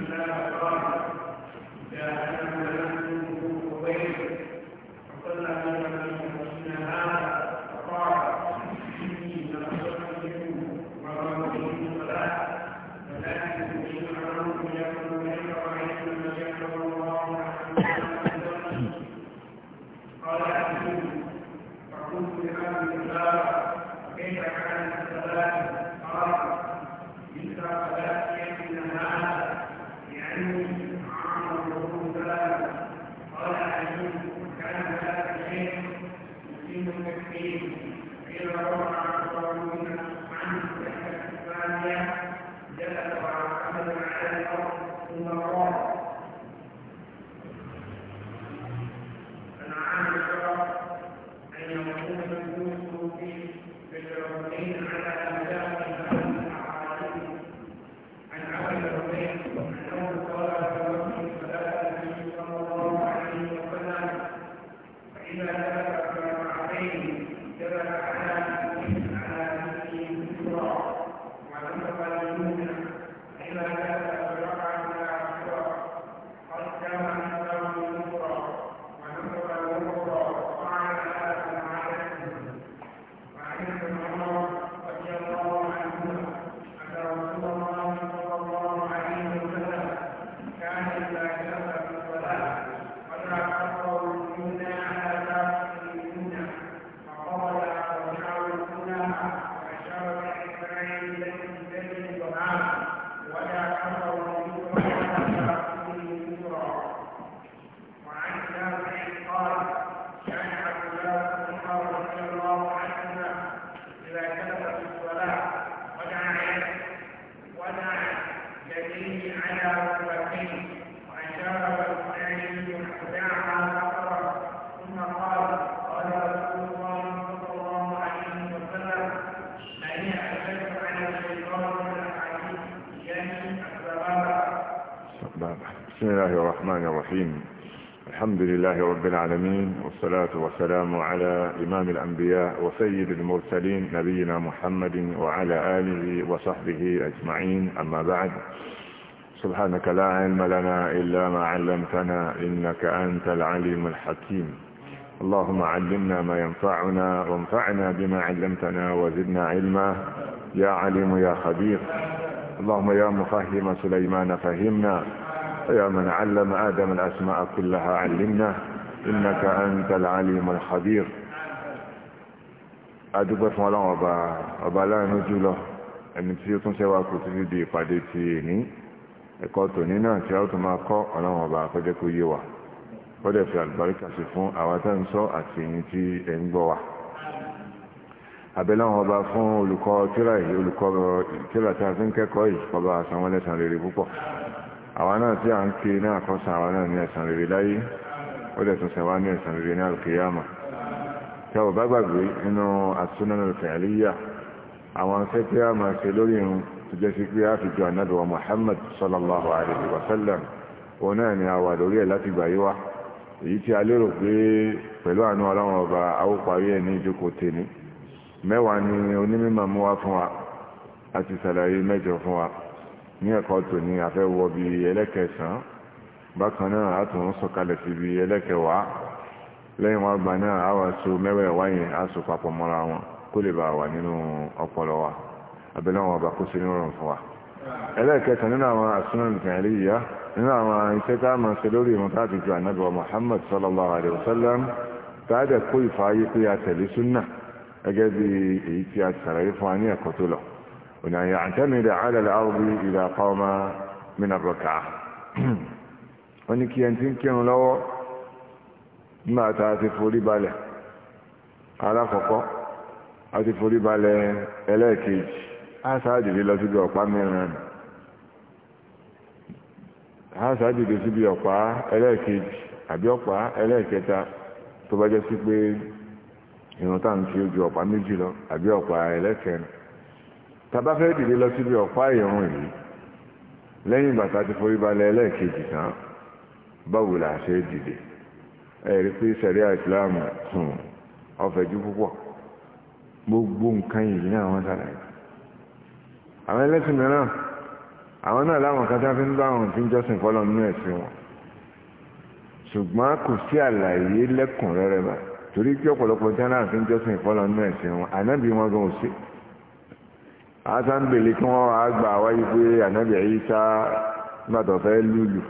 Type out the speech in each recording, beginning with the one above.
وسلم على لله رب العالمين والصلاة والسلام على إمام الأنبياء وسيد المرسلين نبينا محمد وعلى آله وصحبه أجمعين أما بعد سبحانك لا علم لنا إلا ما علمتنا إنك أنت العليم الحكيم اللهم علمنا ما ينفعنا وانفعنا بما علمتنا وزدنا علما يا عليم يا خبير اللهم يا مفهم سليمان فهمنا يا من علم آدم الأسماء كلها علمنا إنك أنت العليم الخبير adúgbẹ́ fún ọlọ́run ọba ọba aláàánú jùlọ ẹni tí ó tún ṣẹ́wà kò tí fi di ìpàdé ti ní ẹ̀kọ́ tòní náà tí a ó tún máa kọ́ ọlọ́run ọba kọjẹ́ kó yé wa kọ́dẹ̀ fi àlùbáríkà sí fún àwátẹ́nsọ́ àti ẹ̀yin tí ẹ ń gbọ́ wa àwọn náà tí a ń kiri náà kọ́sàn àwọn náà ní ẹ̀sàn rere láyé ó dẹ̀ tún sẹ̀wá ní ẹ̀sàn rere ní alkiyama tí a ò bá gbàgbé nínú àtúnánà àti sàlàyé mẹ́jọ fún wa ní ẹ̀kọ́ tó ní afẹ́wọ́ bí ẹlẹ́kẹsàn bákan náà a tún sọ̀kalẹ̀ sí bí ẹlẹ́kẹwàá lẹ́yìn wá gbà náà a wà so mẹ́wẹ̀ẹ̀wá yẹn a so papọ̀ mọ́ra wọn kó lè bá wà nínú ọpọlọ wa abẹ́lẹ́ wọn bá kó sí nínú ọ̀rùn fún wa ẹlẹ́kẹsàn nínú àwọn àsúná nìkan ẹ̀rí nínú àwọn iṣẹ́ tá Muhammad sallallahu alayhi wa sallam tá a dẹ̀ kó ìfààyè pé a tẹ̀lé أن يعتمد على الأرض إذا قام من الركعة ونك ينتمكن له ما تعتف لباله على فقه أتف لباله إليكيج أساعد في الله سبحانه وتعالى أساعد في سبحانه وتعالى إليكيج àbí ọ̀pá sí pé ìrántà ń ọ̀pá méjì àbí ọ̀pá tàbá fẹ́ dìde lọ síbi ọ̀pá ìrun yìí lẹ́yìn bàtà ti forí balẹ̀ ẹlẹ́ẹ̀kejì tán báwo là ṣe dìde ẹ̀rí pé sẹ̀ríà ìsìláàmù sùn ọ̀fẹ̀jú púpọ̀ gbogbo nǹkan yìí ní àwọn sàlàyé àwọn ẹlẹ́sìn mìíràn àwọn náà láwọn kan tá fi ń bá àwọn tí ń jọ́sìn fọ́lọ́ nínú ẹ̀sìn wọn ṣùgbọ́n kò sí àlàyé lẹ́kùnrẹ́rẹ́ bá torí pé ọ̀pọ̀lọpọ̀ tí wọ́n náà fi ń jọ́sìn fọ́lọ́ nínú ẹ̀sìn wọn ànábì wọn gan ò sí asámbèlé kí wọ́n wá gbà wáyé pé ànábì Ìsá gbàtọ̀ fẹ́ lùlù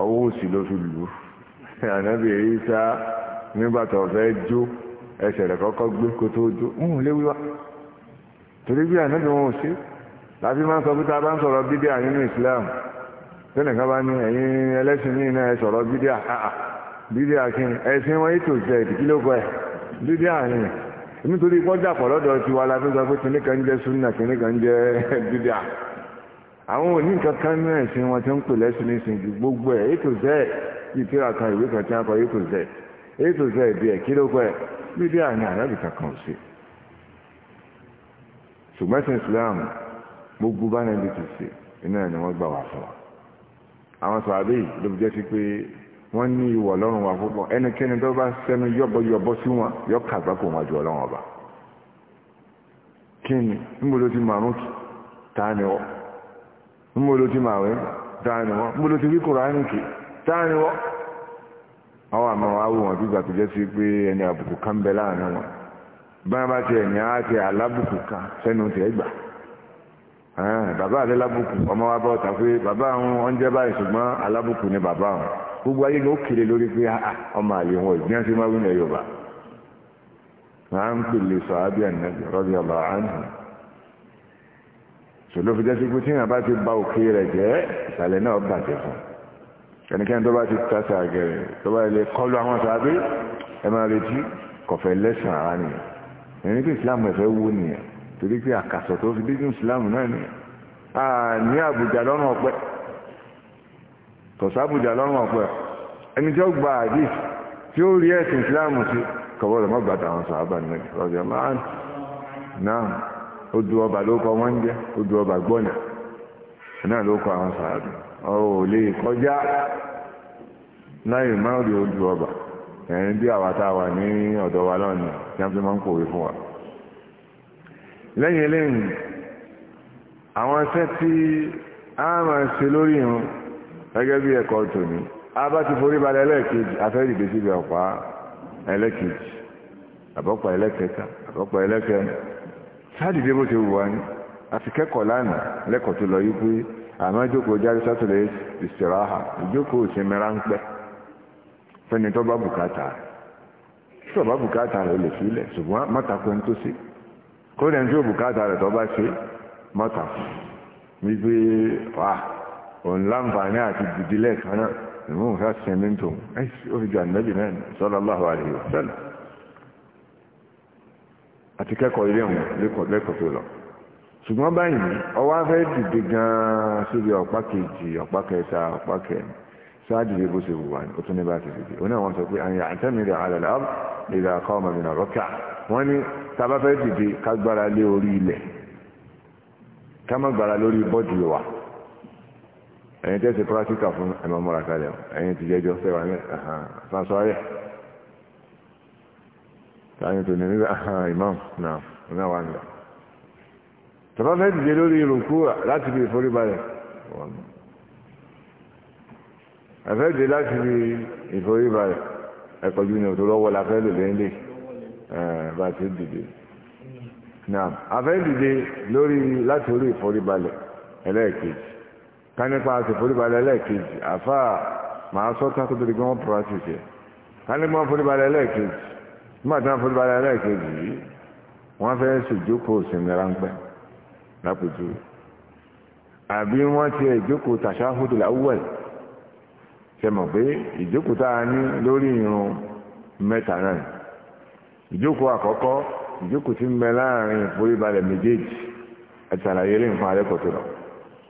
owó òsì ló fi lù ànábì Ìsá nígbàtọ̀ fẹ́ jó ẹsẹ̀ rẹ̀ kọ́kọ́ gbé kó tó jó ń lé wíwá torí bí ànábì wọn ò ṣe láti máa ń sọ pé tá a bá ń sọ̀rọ̀ bídíà nínú Islam tẹ́lẹ̀ kan bá ní ẹ̀yin ẹlẹ́sìn ní iná ẹ sọ̀rọ̀ bídíà bídíà kí ẹ̀sìn wọn ètò ìjẹ́ ìdíkílógún ẹ̀ bídíà yìí nítorí pọ́jà pọ̀ lọ́dọ̀ ti wà láti sọ pé kìnní kan jẹ́ súnà kìnní kan jẹ́ dídà àwọn òní nǹkan kan ní ẹ̀sìn wọn ti ń pè lẹ́sìn nísìn ju gbogbo ẹ̀ ètò z ìtura kan ìwé kan tí wọ́n kọ ètò z ètò z bí ẹ̀ kí ló pẹ́ dídà ní àrẹ́bì kankan ò sí ṣùgbọ́n sí Islam gbogbo bá nàbì ti ṣe iná ni wọ́n gbà wá fún wa àwọn sọ àbẹ́yì ló wọ́n ní ìwọ̀ lọ́rùn wa púpọ̀ ẹnikẹ́ni tó bá sẹ́nu yọ́bọ̀yọ́bọ̀ sí wọn yọ́ kàgbákò wọn jù ọlọ́run ọba kí ni níbo ló ti màrún kì táà ni wọ́ níbo ló ti màwé táà ni wọ́ níbo ti rí kùránì kì táà ni wọ́ àwọn àmọ́ wọn awò wọn bí gbà tó jẹ́ sí pé ẹni àbùkù kan bẹ láàrin wọn bá bá tiẹ̀ ní á ti alábùkù kan sẹ́nu tiẹ̀ gbà bàbá àlẹ́ lábùkù ọmọ wa bá ọ̀tà pé bàbá àwọn oúnjẹ báyìí ṣùgbọ́n alábùkù ni bàbá àwọn gbogbo ayé ló kéré lórí pé ah, ah, ọmọ àlè wọn ò gbìyànjú máa wí ní Yorùbá máa ń pèlè sàábì ànábì radiyallahu anhu ṣòló fi jẹ́sí pé tíyàn bá ti ba òkè rẹ̀ jẹ́ ìsàlẹ̀ náà bàjẹ́ fún ẹnikẹ́ni tó bá ti tàṣà àgẹ̀rẹ̀ tó bá ilé kọlu àwọn sàábì ẹ máa retí kọ̀fẹ́ lẹ́sàn ara nìyẹn ẹni pé ìsìláàmù ẹ̀fẹ́ wó nìyẹn torí pé àkàsọ̀ tó fi dídùn ìsìláàmù náà nìyẹn ní àbújá lọ́rùn ọ̀pẹ́ kọ̀sábùjà lọ́rùn ọ̀pẹ́ ẹni tí ó gba àdìs tí ó rí ẹ̀sìn ìsìláàmù sí kọ̀wọ́lọ̀ mọ́ gbàtà àwọn sàábà náà rọ̀jọ̀ máa náà ó du ọba ló kọ wọ́n jẹ́ ó du ọba gbọ́nà náà ló kọ àwọn sàábà ó lè kọjá láì má rí ó ní ọ̀dọ̀ lẹ́yìn lẹ́yìn àwọn iṣẹ́ tí a máa ṣe lórí irun gẹ́gẹ́ bí ẹ̀kọ́ tòní a bá ti forí balẹ̀ ẹlẹ́ẹ̀kejì afẹ́rì dé síbi ọ̀pá ẹlẹ́ẹ̀kejì àbọ̀pá ẹlẹ́ẹ̀kẹta àbọ̀pá ẹlẹ́ẹ̀kẹrin sáàdì dé bó ti wù wá ní àti kẹ́kọ̀ọ́ lánàá lẹ́kọ̀ọ́ tó lọ yí pé àmọ́ ìjókòó jáde sátọ̀lẹ̀ ìsìráhà ìjókòó ìsinmi ráńpẹ́ fẹ́ni tó bá bùkátà rẹ̀ tó bá bùkátà rẹ̀ lè sílẹ̀ ṣùgbọ́n mọ́tàkùn ẹni tó ṣe kó lẹ́ni tó bùkátà rẹ̀ tó bá ṣe mọ́tàkùn wípé wàá òun láǹfààní àti dìdílẹ̀ kan náà ìmúhùn fẹ́ sinmi tó ó fi jù ànábì náà sallallahu alaihi wasallam àti kẹ́kọ̀ọ́ ilé ọ̀hún lẹ́kọ̀ọ́ tó lọ ṣùgbọ́n báyìí ọwọ́ afẹ́ dìde gan-an síbi ọ̀pá kejì ọ̀pá kẹta ọ̀pá kẹrin sáájú bí bó ṣe wù wá ní ó tún ní bá ti dìde ó náà wọ́n sọ pé àyìn àtẹ́mìrì àlàlà ìlà ọkọ̀ ọmọ mi nàró kà wọ́n ní tá bá fẹ́ dìde ká gbára lé orí ilẹ̀ ká má gbára lórí bọ́ọ̀dù wa ẹ̀yin tẹ́sí pírátíkà fún ẹ̀mọ́ múra kalẹ̀ ẹ̀yin ti jẹ́jọ́ sẹ́wà ní sàṣọ́rẹ́ táyìn tó ní ní imam náà ní àwọn àgbà tọ́lá fẹ́ dìde lórí ìrùkú láti fi ìforíbalẹ̀ ẹ̀fẹ́ dìde láti fi ìforíbalẹ̀ ẹ̀kọ́jú ní òtò lọ́wọ́ la fẹ́ lò lẹ́ńdẹ̀ bá ti dìde náà afẹ́ dìde lórí láti orí ìforíbalẹ̀ ẹlẹ́ẹ̀kejì ká nípa àtìforíbalẹ̀ lẹ́ẹ̀kejì àfà màá sọ tán kó tó di pé wọ́n practice ẹ̀ ká nípa àforíbalẹ̀ lẹ́ẹ̀kejì nígbà tí wọ́n foríbalẹ̀ lẹ́ẹ̀kejì yìí wọ́n fẹ́ ṣèjókòó sinmi ráńpẹ́ lápòjú àbí wọ́n ti ìjókòó tàṣáhùdù láwùwẹ̀l ṣe mọ̀ pé ìjókòó tá a ní lórí irun mẹ́ta náà ìjókòó àkọ́kọ́ ìjókòó ti ń bẹ láàrin ìforíbalẹ̀ méjèèjì ẹ̀tàlàyé lè ń fún alẹ́kọ̀ọ́ tó lọ.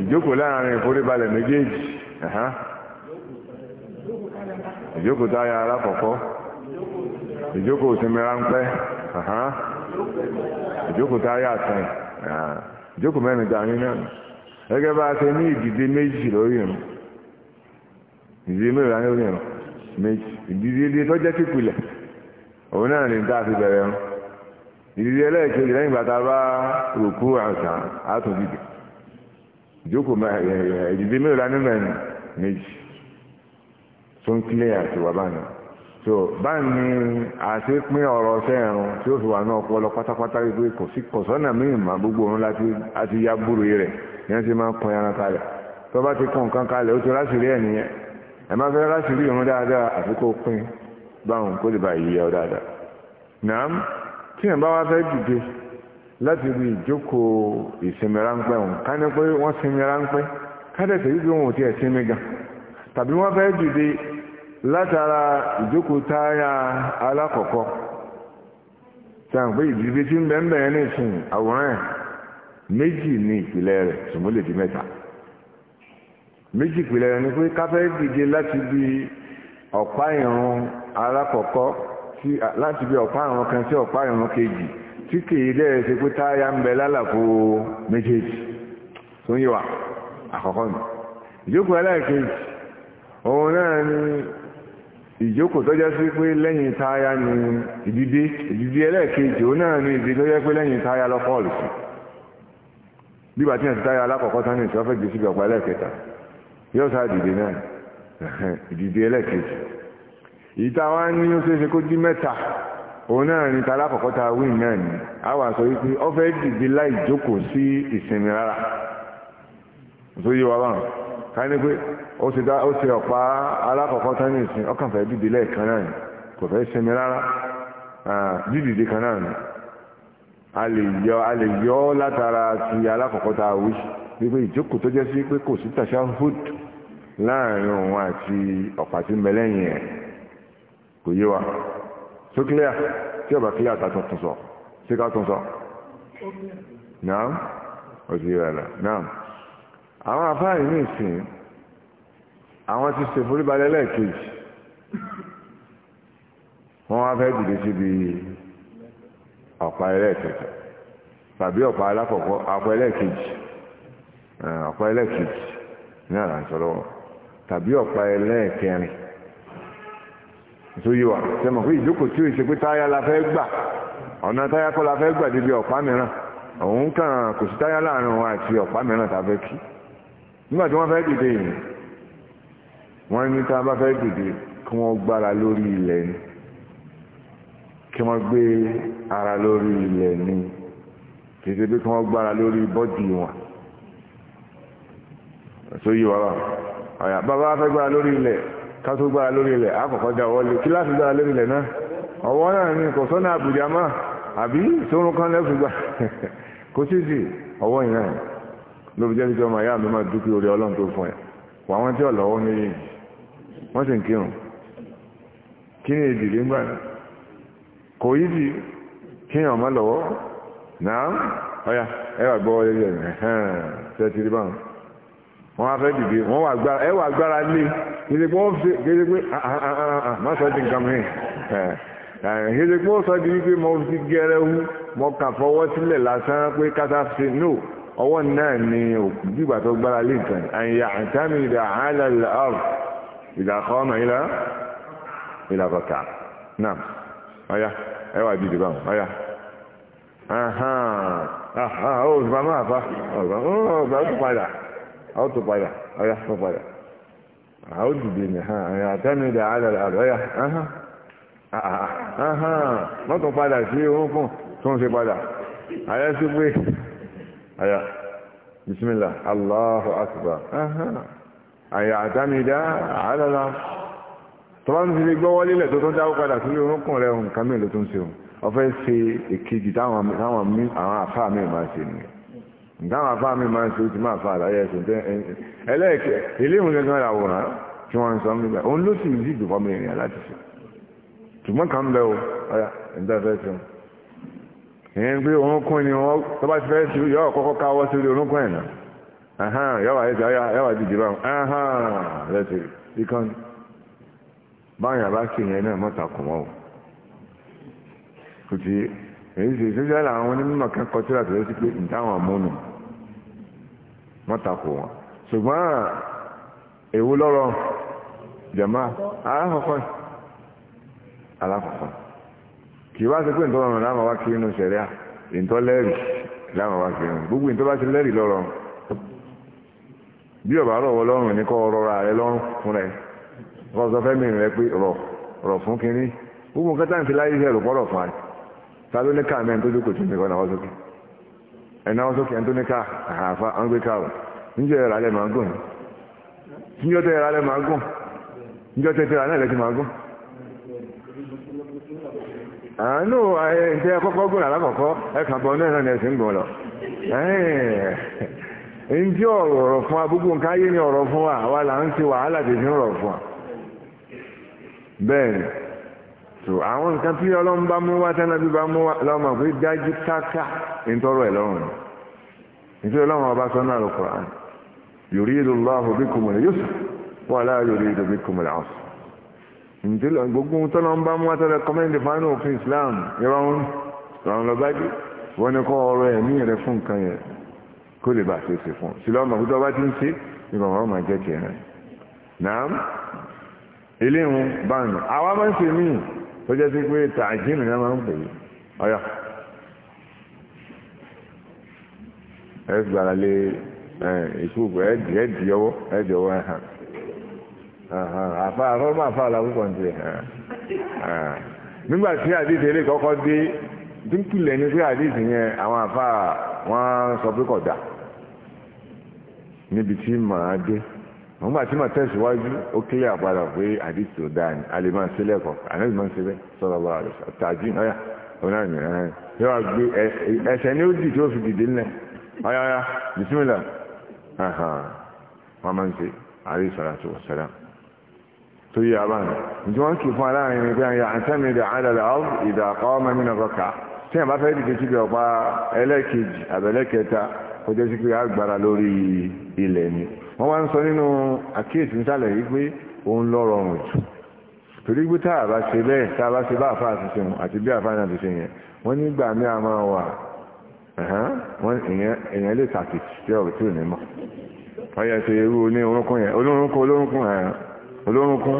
ìjókòó láàrin ìforíbalẹ̀ méjèèjì ìjókòó táyà alákọ̀ọ́kọ́ ìjókòó sinmi ráńpẹ́ ìjókòó táyà àtàn ìjókòó mẹ́rin dání náà gẹ́gẹ́ bá a ṣe ní ìdìde méjì lórí ìrun ìdílé mẹ́rin láyé orí ẹ̀rọ méjì ìdílé tó jẹ́ kíkulẹ̀ òun náà ní tá a fi bẹ̀rẹ̀ ẹ̀rọ ìdílé ẹlẹ́ẹ̀kejì lẹ́yìn bàtà bá rùkú àṣà àtúndìdì ìjókòó ìdìdí mélòó la nígbà yẹn méjì tó ń kílẹ̀ àti wà báyìí so báyìí ni àti pín ọ̀rọ̀ sẹ́ẹ̀rùn tí ó fi wà náà pọlọ pátápátá wípé kò sí kọ̀sọ́nà míì mà gbogbo òun láti àti ya búrò rẹ̀ yẹn ti máa ń pọn ẹran kalẹ̀ tó bá ti kún nǹkan kalẹ̀ ó ti láṣìírí ẹ̀ nìyẹn ẹ̀ máa fẹ́ láṣìírí òun dáadáa àfi kó pín báwọn kó lè bá yíyá ọ dáadáa nàám tí ẹ̀ bá wá fẹ́ dìde láti ibi ìjókòó ìsinmi ráńpẹ́ òun ká ní pé wọ́n sinmi ráńpẹ́ kádẹ̀sẹ̀ yìí bí wọn ò tiẹ̀ sinmi gan tàbí wọ́n fẹ́ dìde látara ìjókòó táyà alákọ̀ọ́kọ́ sáà pé ìdíje tí ń bẹ ń bẹ ní ìsìn àwòrán ẹ̀ méjì ní ìpìlẹ̀ rẹ̀ ṣùgbọ́n lè di mẹ́ta méjì ìpìlẹ̀ rẹ̀ ni pé káfẹ́ dìde láti bí ọ̀pá ìrun alákọ̀ọ́kọ́ láti bí ọ̀pá ìrun kan sí ọ̀pá ìrun kejì tí kìí dẹ́ ṣe pé táyà ń bẹ lálàfo méjèèjì tó ń yẹ àkọ́kọ́ nù ìjókòó ẹlẹ́ẹ̀kejì òun náà ni ìjókòó tó jẹ́ sí pé lẹ́yìn táyà ni ìdídé ìdídé ẹlẹ́ẹ̀kejì òun náà ni ìdídé tó jẹ́ pé lẹ́yìn táyà lọ fọ́ọ̀lù sí bí bàtí àti táyà alákọ̀ọ́kọ́ tán ní ìṣọ́fẹ́ gbèsè ọ̀pá ẹlẹ́ẹ̀kẹta yóò sá ìdídé náà ìdídé ẹlẹ́ẹ̀kejì ìta wá ní ó ṣeéṣe kó dí mẹ́ta òun náà ní tààlà ta wíìn náà ni a wà sọ wípé ọ fẹ́ dìde láì jókòó sí ìsinmi rárá tó yé wa bá wọn ká ní pé ó ti ọ̀pá alákọ̀ọ́kọ́ tán ní ìsìn ọkàn fẹ́ dìde lẹ́ẹ̀kan náà ni kò fẹ́ sinmi rárá dídìde kan náà ni a lè yọ a lè yọ látara ti alákọ̀ọ́kọ́ wí wípé ìjókòó tó jẹ́ sí pé kò sí tashahud láàrin òun àti ọ̀pá tí ń bẹ lẹ́yìn ẹ̀ kò yé wa. tó clear tí ọba clear ta tuntun sọ sí ká tún sọ náà ó ti rẹ̀ lọ náà àwọn afáàrí ní ìsìn àwọn ti ṣe foríbalẹ̀ lẹ́ẹ̀kejì wọ́n wá fẹ́ dìde síbi ọ̀pá ẹlẹ́ẹ̀kẹta tàbí ọ̀pá alákọ̀ọ́kọ́ ọ̀pá ẹlẹ́ẹ̀kejì ọ̀pá ẹlẹ́ẹ̀kejì ní àlàǹsọ̀rọ̀ tàbí ọ̀pá ẹlẹ́ẹ̀kẹrin tó yé wa sẹ́mọ̀ pé ìjókòó tí ó ṣe pé táyà la fẹ́ gbà ọ̀nà táyà kọ́ la fẹ́ gbà débi ọ̀pá mìíràn òun kàn kò sí táyà láàrin wọn àti ọ̀pá mìíràn tá a fẹ́ kí nígbà tí wọ́n fẹ́ dìde yìí wọ́n ní tá a bá fẹ́ dìde kí wọ́n gbára lórí ilẹ̀ ni kí wọ́n gbé ara lórí ilẹ̀ ni kì í ṣe pé kí wọ́n gbára lórí bọ́dì wọn tó yé wa bá bàbá fẹ́ gbára lórí ilẹ̀ ká tó gbára lórí rẹ̀ àkọ́kọ́ dá ọwọ́ lé kí gbára lórí rẹ̀ náà ọwọ́ náà ni kò sọ́nà àbùjá máa àbí sórun kan lẹ́fù gbà kò sí sí ọwọ́ yìí náà ló fi ọmọ máa orí ọlọ́run tó fún ẹ̀ wà ni èdè ń gbà kò ni lọ́wọ́ wọ́n á fẹ́ dìde wọ́n wà gbára ẹ wà gbára lé kéde pé wọ́n fi kéde pé ah, ah, ah, má sọ di nǹkan mìíràn eh, eh, kéde pé wọ́n sọ di wípé mo fi gẹrẹ wú mo kà fọwọ́ sílẹ̀ lásán pé kátà fi no ọwọ́ náà ni òkùnjúgbà tó gbára lé nǹkan àyà àtàmì ìdá àhálà ìlàọ̀rù ìdàkọ́ ọ̀nà ìlà ìlàkọ̀tà náà ọ̀yà ẹ wà dìde báwọn ọ̀yà ọ̀hán ọ̀hán ó sì máa máa fa ó gbà ó sì padà a ó tó padà ọ̀yà tó padà a ó dìde ní hàn àyà àtẹ́mìdà alẹ́ àlọ́yà wọ́n tó padà sí orúnkún tó ń ṣe padà àyà sí pé àyà bisimilá Allahu akbar àyà àtẹ́mìdà alẹ́ àlọ́yà tọ́lá ní ti gbọ́ wọlé ilẹ̀ tó tó ń dáwó padà sílé orúnkún rẹ̀ nǹkan mélòó tó ń ṣe òun ọ̀fẹ́ ṣe èkejì táwọn àfáà mi máa ṣe nìyẹn dáwọn afá mi máa ń ṣe ó ti máa ẹ̀sìn tẹ́ ẹlẹ́ẹ̀kẹ́ ilé ìwọ̀n gẹ́gẹ́ àwòrán tí wọ́n ń sọ mí bẹ́ẹ̀ òun ló sì yí ìdùkọ́ mi rìn láti ṣe kan bẹ́ẹ̀ o ọ̀yà ìdáfẹ́ sí wọn. ìyẹn pé orúnkún ni wọ́n tó ti fẹ́ sí yọ ọ̀kọ́kọ́ káwọ́ sí orí orúnkún ẹ̀ náà yọ̀wà ẹ̀sẹ̀ di dìde wọ́n takò wọn ṣùgbọ́n èwo lọ́rọ̀ jẹ̀má alákọ̀ọ́kọ́ alákọ̀ọ́kọ́ kì í wá sí pé ìtọ́ ọ̀run láwọn wá kiri inú sẹ̀ríà ìtọ́ lẹ́rì láwọn wá kiri inú gbogbo ìtọ́ bá ti lẹ́rì lọ́rọ̀ bí ọ̀bá rọ̀ wọ lọ́rùn ní kọ́ rọra rẹ lọ́rùn fún rẹ kọ́ sọ fẹ́ mi rẹ pé rọ̀ rọ̀ fún kínní gbogbo nǹkan táǹtì láyé iṣẹ́ rò pọ́rọ̀ fún ẹ ta ló dúkòtì nìkan náà wọ́n sókè. ẹ̀nà wọn sókè ẹ̀ntó ní ká àhàfà àwọn gbé ndị o ẹ̀rọ alẹ́ máa gùn níjọ́ tẹ ẹ̀rọ alẹ́ máa gùn níjọ́ tẹ tẹ̀rọ alẹ́ lẹ́tì máa gùn. àánú ẹ̀ǹtẹ́ kọ́kọ́ gùn alákọ̀ọ́kọ́ bọ́ náà ní ẹ̀sìn lọ. ọ̀rọ̀ fún wa gbogbo nǹkan ayé ni ọ̀rọ̀ fún wa là ń wàhálà so àwọn nǹkan tí ọlọ́run bá mú wá tẹ́lẹ̀ bí bá mú wá lọ́mọ pé dájú káká ìtọ́rọ̀ ẹ̀ lọ́rùn nítorí ọlọ́run ọba sọ náà Al-Qur'an yuridu Allahu bikumul yusra wala yuridu bikumul usra nítorí gbogbo tọ́lọ́run bá mú wá tẹ́lẹ̀ kọ́mẹ́ndì fánú òfin Islam ìrọ̀rùn ìrọ̀rùn lọ́ba dé wọ́n ní kọ́ ọ̀rọ̀ ẹ̀mí rẹ̀ fún nǹkan yẹn kó lè bà ṣe ṣe fún sí lọ́mọ pé tọ́ba ti ń ṣe ìrọ̀rùn ọmọ jẹ́ tiẹ̀ náà ilé ìhun báyìí àwa máa ń ṣe míì tó jẹ́ sí pé tààjínù ni a máa ń pè é ọ̀yà ẹ gbàrà lé ìṣubú ẹ̀dì ẹ̀dì ọwọ́ ẹ̀dì ọwọ́ ẹ̀hàn àfa àfọ́mọ́ àfa làwùkọ̀ ń tẹ̀ nígbà tí àdìsí eré kọ́kọ́ dé dínkìlẹ̀ ni pé àdìsí yẹn àwọn àfa wọn sọ pé kọ̀ dà níbi tí màá dé wọ́n gbà tí mà tẹ̀síwájú ó kílẹ̀ àpadà pé àdìsí ò dáa ni a lè máa ṣe lẹ́kọ̀ọ́ ànábì máa ń ṣe bẹ́ẹ̀ sọ̀rọ̀ bá rẹ̀ tààjú ọ̀yà ọ̀nà ni yóò gbé ẹsẹ̀ ní ó dì tí ó fi dìde ńlẹ̀ ọ̀yà ọ̀yà bisimilà wọ́n máa ń ṣe àdìsí ọ̀rọ̀ àti wọ̀sẹ̀rẹ̀ tó yẹ abáyé ǹjẹ́ wọ́n kì í fún aláàrin ni pé àyà àtẹ́mìdà àdàlà ọ̀ ọmọ wọ́n wá ń sọ nínú àkíyèsí nísàlẹ̀ yìí pé òun lọ rọrùn jù torí pé tá a bá ṣe bẹ́ẹ̀ tá a bá ṣe bá àfa àti ṣeun àti bí àfa náà ti ṣe yẹn wọ́n nígbà mí a máa wà wọ́n èèyàn lè tàkìtì tí ọ̀rọ̀ tí ò ní mọ̀ ọyẹ ṣe irú ní orúnkún yẹn olórúnkún olórúnkún olórúnkún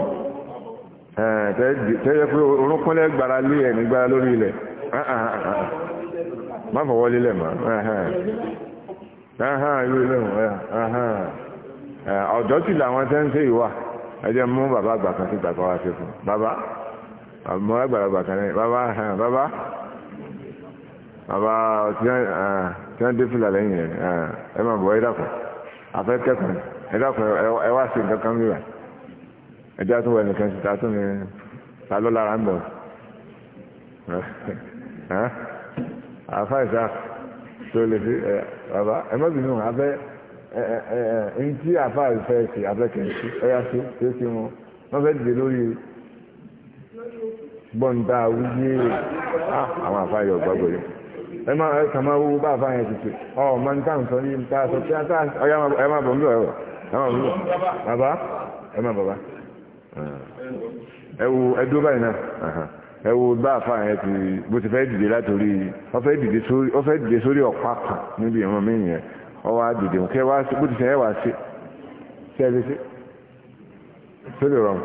tẹ́yẹ pé orúnkún lẹ́ gbára lé ẹni gbára lórí ilẹ̀ má fọwọ́ lélẹ̀ mọ́ ọ̀dọ́ sì làwọn tẹ́ ń ṣe ìwà ẹjẹ́ mú bàbá àgbà kan sí gbàgbà wá sí fún bàbá àmọ́ àgbàlagbà kan náà bàbá bàbá bàbá tí wọ́n dé fìlà lẹ́yìn rẹ̀ ẹ máa bọ̀ ẹ dàpọ̀ afẹ́ kẹ́kọ̀ọ́ ẹ dàpọ̀ ẹ wá sí nǹkan kan mìíràn ẹjẹ́ àtúwọ̀ ẹnìkan sí ta tún ní ta ló lára ń bọ̀ àfáìsà tó lè fi bàbá ẹ má bínú afẹ́ èyí tí àfa ìfẹ́ ṣe abẹ́kẹ̀ ṣe ẹ̀yà ṣe ṣe ṣe wọn wọ́n fẹ́ dìde lórí gbọ̀ǹda wíyé ah, àwọn àfa yọ̀ gbàgbọ́ yìí ẹ máa ẹ kà máa wú bá àfa yẹn tètè ọ máa ń tà ń sọ ní ìta sọ pé ata ọyá ẹ máa bọ̀ ń bọ̀ ẹ wọ̀ ẹ máa bọ̀ bàbá ẹ máa bàbá ẹ wo ẹ dúró báyìí náà ẹ wo bá àfa yẹn ti bó ti fẹ́ dìde látòrí ọ fẹ́ dìde sórí ọ̀pá kan níbi ìwọ̀n mí yẹn ọwọ́ àdìdì ń kẹ́ wá sí bó ti sẹ́ ẹ̀ wá sí sí ẹ̀ fi sí sí lè rọrùn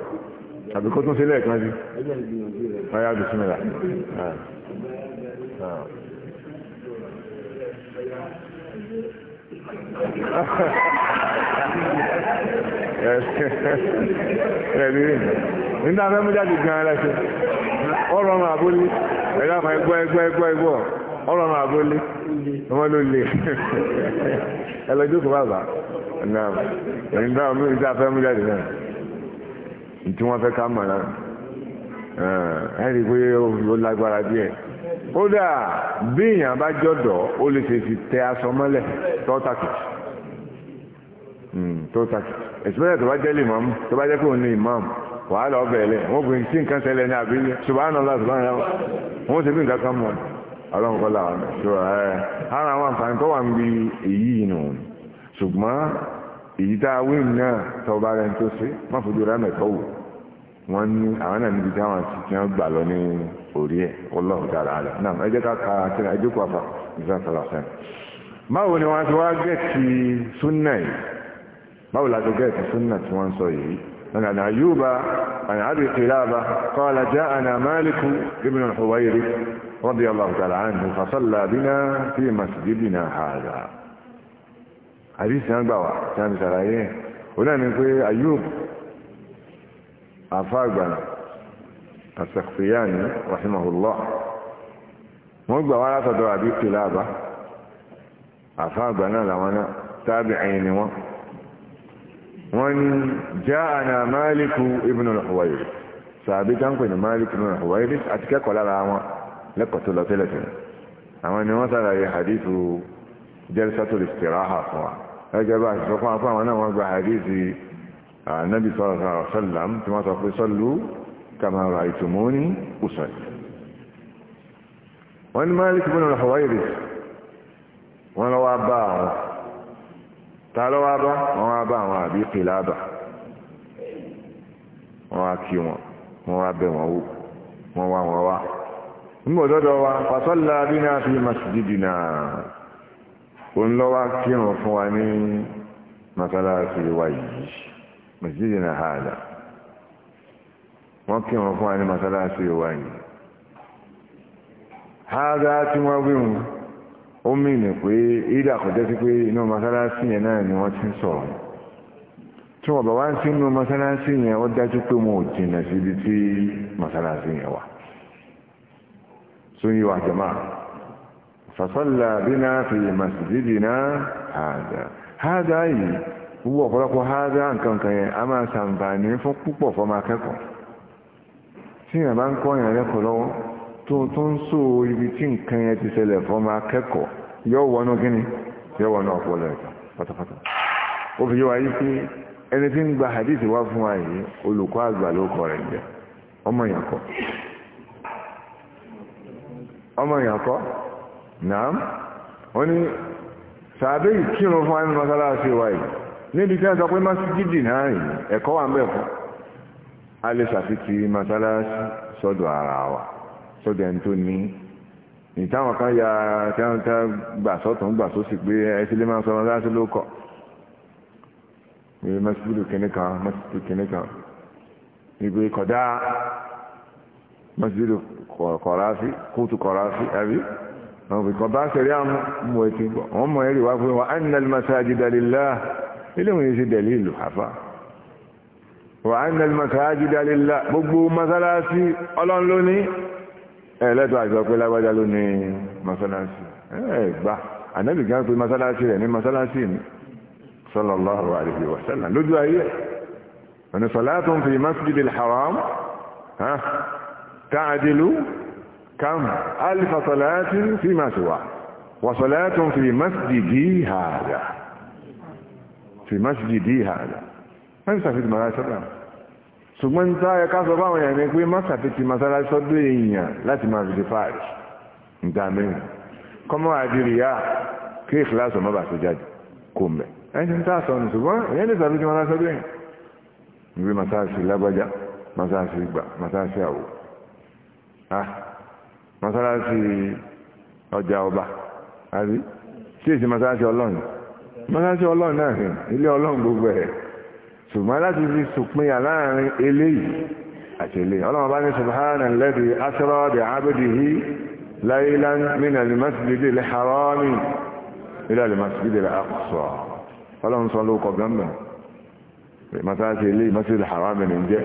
àbí kó tún sí lẹ́ẹ̀kan sí ọyá bisimilá. ẹ̀rí rí nígbà fẹ́ mú jáde gan-an lẹ́sẹ̀ ọ̀rọ̀ ọmọ àbúlé ẹ̀dá kan ẹgbọ́ ẹgbọ́ ẹgbọ́ ẹgbọ́ ọ̀rọ̀ máa bó lé wọ́n ló lè ẹlẹ́jọ́kọ̀ bàbá náà ẹ̀yìn bá wọn mú fẹ́ mú jáde náà tí wọ́n fẹ́ ká mọ̀ náà ẹ̀rí pé ó lágbára díẹ̀ kódà bí èèyàn bá jọ̀dọ̀ ó lè ṣe fi tẹ aṣọ mọ́lẹ̀ tọ́tàkì hmm, tọ́tàkì ìsúmọ́lẹ̀ tó bá jẹ́ lè mọ́mú tó bá jẹ́ pé òun ní ìmọ̀mù wàhálà ọbẹ̀ ẹ̀lẹ̀ wọ́n gbé tí nǹkan ṣẹlẹ̀ ní àbílẹ̀ ṣùgbọ́n àná lọ́sùn lọ́rùn wọn bí nǹkan kan mọ́ ọ́n ọlọ́run kọ́ làwọn ṣọ́ra ẹ̀ ara àwọn àǹfààní tó wà ń bi èyí nù ṣùgbọ́n èyí tá a wí náà tọba rẹ̀ tó ṣe má fojú rẹ̀ mẹ́tọ́ wò wọ́n ní àwọn náà níbi táwọn ti ti hàn gbà lọ ní orí ẹ̀ ọlọ́run dára rẹ̀ náà ẹ jẹ́ ká ka kíra ẹ jókòó àfà ìfẹ́ sọ̀rọ̀ sẹ́yìn. báwo ni wọ́n ti wá gẹ̀ẹ́tì súnà yìí báwo la ti gẹ̀ẹ́tì súnà tí wọ́n ń sọ yìí عن أيوب عن أبي قلابة قال جاءنا مالك ابن الحويري رضي الله تعالى عنه فصلى بنا في مسجدنا هذا حديث عن بوا كان سرايه هنا نقول أيوب أفاقنا السخفياني رحمه الله مقبع ولا تدعى أبي قلابة أفاقنا لونا تابعين وقت wọ́n ní jáàna máàlìkù ibn al-Huwayrith sàbí táǹkù ní máàlìkù ibn al-Huwayrith àti kẹ́kọ̀ọ́ lára wọn lẹ́kọ̀ọ́ tó lọ tẹ́lẹ̀ tẹ́lẹ̀ àwọn ni wọ́n sàlàyé hadithu jalsatul istiraha fún wa ẹgbẹ́ bá sọ fún apá àwọn náà wọ́n gba hadithi nabi sallallahu alaihi wasallam àwọn ta ló wá bá wọn wá bá àwọn àbí wọn wá kí wọn wọn wá bẹ̀ wọn wò wọn wá wọn wá nígbòdọ́dọ̀ wa pàtọ́lá bí náà fi wa ní masalasi wa yìí masjidi náà wọ́n kírun fún masalasi wa yìí tí ó mìnà pé ìdí àkọ́jẹ́ sí pé inú masalasi yẹn náà ni wọ́n ti ń sọ̀rọ̀ tí wọ́n bá wá sí inú masalasi yẹn ó dájú pé wọn ò jìnà síbi tí masalasi yẹn wà sóyí fi masjidina hàdà hàdà yìí gbogbo ọ̀pọ̀lọpọ̀ hàdà nǹkankan yẹn a máa ṣàǹfààní fún púpọ̀ fọmọ akẹ́kọ̀ọ́ tí tó tó ń ibi tí nǹkan yẹn ti ṣẹlẹ̀ fọmọ akẹ́kọ̀ọ́ yóò wọnú kíni wọnụ wọnú ọpọlọ ẹ̀ka pátápátá ó fi yé wa pé ẹni tí ń gba hadithi wá fún wa olùkọ́ àgbà ló kọ rẹ̀ ọmọ yẹn kọ ọmọ yẹn kọ́ nàám ó ní sàbẹ́ ìkírun fún mọ́sálásí wa yìí níbi tí a sọ pé náà yìí ẹ̀kọ́ fún a lè ṣàfihàn mọ́sálásí sọ́dọ̀ wa. sọ́dọ̀ ẹni tó ní ìtàwọn kan ya tẹ́wọ́n tẹ́ gbà sọ́tún gbà sósì pé ẹtí lè máa sọ wọn láti ló kọ̀ ìwé mẹ́sìlú kìnní kan mẹ́sìlú kìnní kan ìgbé kọ̀dá mẹ́sìlú kọ̀ọ̀rá sí kóòtù kọ̀ọ̀rá sí ẹ̀rí àwọn òbíkan bá ṣẹ̀rí àwọn mọ̀ ẹ̀tì wọ́n mọ̀ ẹ̀rí wá fún wa anna al-masajida lillah ilé ìwòye sí dẹ̀lí ìlú àfà wa anna al-masajida lillah gbogbo masalasi ọlọ́run lónìí ẹlẹ́tọ̀ àti ọpẹ́ lágbájá ló ní masalasi ẹ gbà ànábì kan pé masalasi rẹ̀ ní masalasi mi sallallahu alaihi wa sallam lójú ayé ọ̀nà salatun fi masjid al-haram ta'adilu kam alifa salatin fi ma siwa wa salatun fi masjidi hada fi masjidi hada sàfihàn mara sọ́dọ̀ ṣùgbọ́n tá ẹ ká sọ fáwọn èèyàn ni pé má ṣàfihàn masalasi ọdún èèyàn láti máa fìdí fáàrí níta mẹ́rin kọ́mọ́ àdìrìyà kí ìfìlàsọ̀ má bàa tó jáde kò mẹ́ ẹni tí ń tà sọnù ṣùgbọ́n èèyàn lè ṣàfihàn masalasi ọdún èèyàn níbi masalasi lágbájá masalasi gbà masalasi àwò ah masalasi ọjà ọba àbí tí èsì masalasi ọlọ́run masalasi ọlọ́run náà ilé ọlọ́run gbogbo ẹ̀ ṣùgbọ́n láti fi sùpínyà láàrin eléyìí àti eléyìí ọlọ́run bá ní subhana alladhi asra bi abdihi laylan min al-masjid al-haram ila al-masjid al-aqsa ọlọ́run sọ lóko gánbà masáàsì eléyìí masjid al-haram ní jẹ́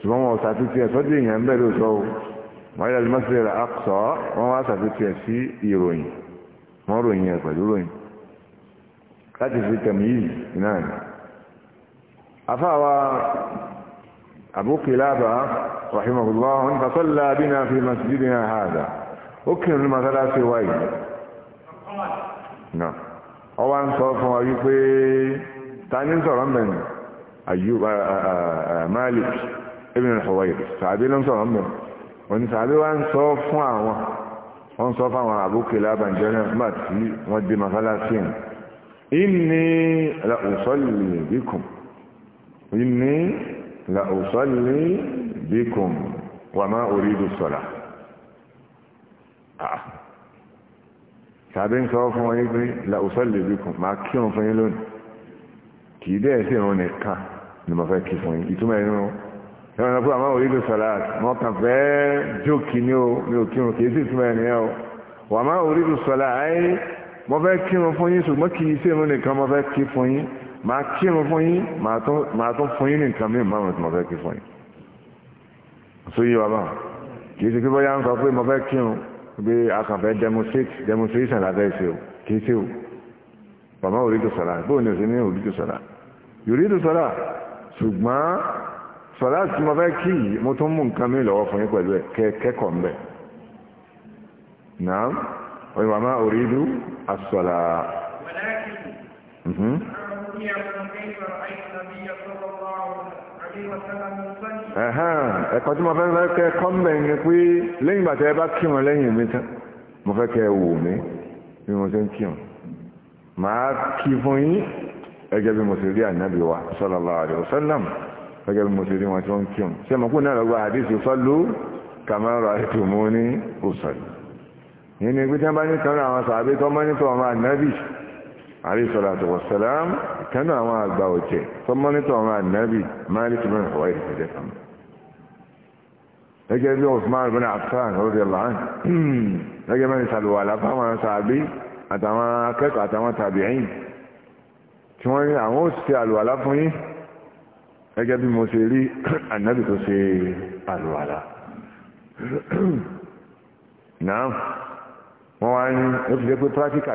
ṣùgbọ́n wọn ṣàtúntì ẹ̀ sọ́dí èèyàn ń bẹ̀rẹ̀ òṣọ́ wọn ila al-masjid al-aqsa wọn أفاوى أبو قلابة رحمه الله فصلى بنا في مسجدنا هذا أكن المثلا سواي نعم أو أن صرفوا أيوب تاني صرف من أيوب مالك ابن الحوير سعدي لم صرف من وان سعدي وأن صرفوا أعوى wọ́n sọ fáwọn Abu Kilaba jẹ́nà nígbà tí wọ́n dé mọ́sálásí ẹ̀ inni la usalli bikum wa ma uridu salah ah. tàbí ń sọ fún ọyí pé la usalli bikum ma kí wọn fún yín lónìí kìí dẹ́ sí ìrún nìkan ni mo fẹ́ kí fún yín ìtumọ̀ inú ẹ̀rọ náà fún àmọ́ uridu salah mọ́ kàn fẹ́ jókì ní o mi ò kírun kìí sì túmọ̀ ẹ̀nìyàn o wa ma uridu salah ayé mo fẹ́ kírun fún yín ṣùgbọ́n kìí sí ìrún nìkan mo fẹ́ kí fún yín màá kírun fún yín màá tún fún yín ní nǹkan mìíràn márùn tí mo fẹ́ kí fún yín so yí wa bá kì í ṣe pé bóyá ń sọ pé mo fẹ́ kírun pé a kàn fẹ́ demonstrate demonstration lábẹ́ ṣe o kì í ṣe o bàbá òrìtò sọ̀rọ̀ bóun ni ò sí ní òrìtò sọ̀rọ̀ òrìtò sọ̀rọ̀ ṣùgbọ́n sọ̀rọ̀ tí mo fẹ́ kí yìí mo tún mú nǹkan mìíràn lọ́wọ́ fún yín pẹ̀lú ẹ̀ kẹ́kọ̀ọ́ mbẹ̀ náà wọ́n yìí wà má ẹ̀kọ́ tí mo fẹ́ fẹ́ kẹ́ kọ́mbẹ̀ ni pé lẹ́yìn ìgbà tí ẹ bá kírun lẹ́yìn mi tán mo fẹ́ kẹ́ wò mí bí mo ṣe ń kírun màá kí fún yín ẹgẹ́ bí mo ṣe rí ànábì wa sallallahu alaihi wasallam ẹgẹ́ bí mo ṣe rí wọn tí wọ́n ń kírun ṣé mo náà lọ́gbà àdìsí sọ́lú kama ra'aytumuni usalli yìí ni pé tí wọ́n bá ní kan àwọn sàbẹ́tọ́ mọ́ nítorí àwọn ànábì àríṣọ́lá àti wọ̀sálàm kánú àwọn àgbà òjẹ́ tó mọ́nítọ̀ àwọn ànábì Malik bin Huwayd ìfẹ́jẹ́ kan gẹ́gẹ́ bí Usman bin Affan radiyallahu anhu gẹ́gẹ́ mẹ́rin sàlùwàlà fáwọn sàbí àtàwọn akẹ́kọ̀ọ́ àtàwọn tàbíìn tí wọ́n ní àwọn òṣìṣẹ́ àlùwàlà fún yín gẹ́gẹ́ bí mo ṣe rí ànábì tó ṣe àlùwàlà náà wọ́n wá ní ó fi jẹ́ pé pírátíkà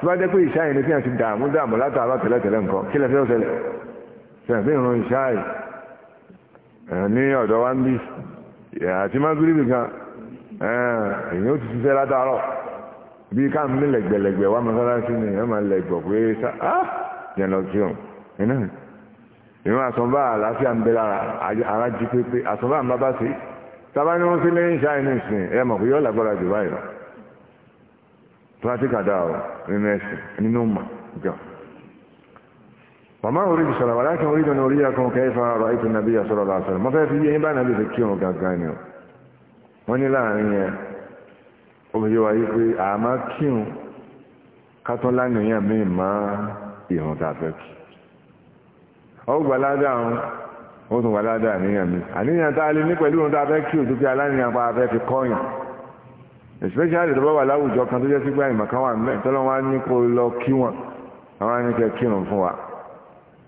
tí wọ́n jẹ́ pé ìṣá yìí ni tí wọ́n ti dààmú dààmú látàárọ̀ tẹ́lẹ̀tẹ́lẹ̀ nǹkan kí lẹ fẹ́ ó ṣẹlẹ̀ ṣẹ̀fí ìrún ìṣá yìí ní ọ̀dọ̀ wa ń bí àti magrebi kan èyí ó ti ṣiṣẹ́ látàárọ̀ bí ká ní lẹ̀gbẹ̀lẹ̀gbẹ̀ wá mọ́sálásí ni ẹ̀ máa lẹ̀gbọ̀ pé ṣá yẹn lọ sí òun iná ìwọ̀n àsọ̀nbá àlàáfíà ń bẹ lára ara jí pépé àsọ̀nbá àmọ́ bá ṣe tábà ní wọ́n sí lẹ́yìn ṣáà ní ìsìn ẹ̀ mọ̀ pé yọ́ lágbára jù báyìí pírátíkà dá ọ nínú ẹsẹ̀ nínú mà gan màmá orí ìṣọ̀rọ̀ wà láti orí ìdọ̀nà orí akọ̀ kẹfà ọ̀rọ̀ ìpè nàbí àsọ̀rọ̀ làásọ̀rọ̀ mo ọ ní láàrin yẹn obìnrin wa yí pé àmá kírun kátó lánìyàn míì má ìhùn tá a fẹ́ kí ọ gbà a especially tó bá wà láwùjọ kan tó jẹ́ sí pé àyìnbá kan wà mẹ́ tọ́lọ́ wá ní kó lọ kí wọn àwọn àníkẹ́ kírun fún wa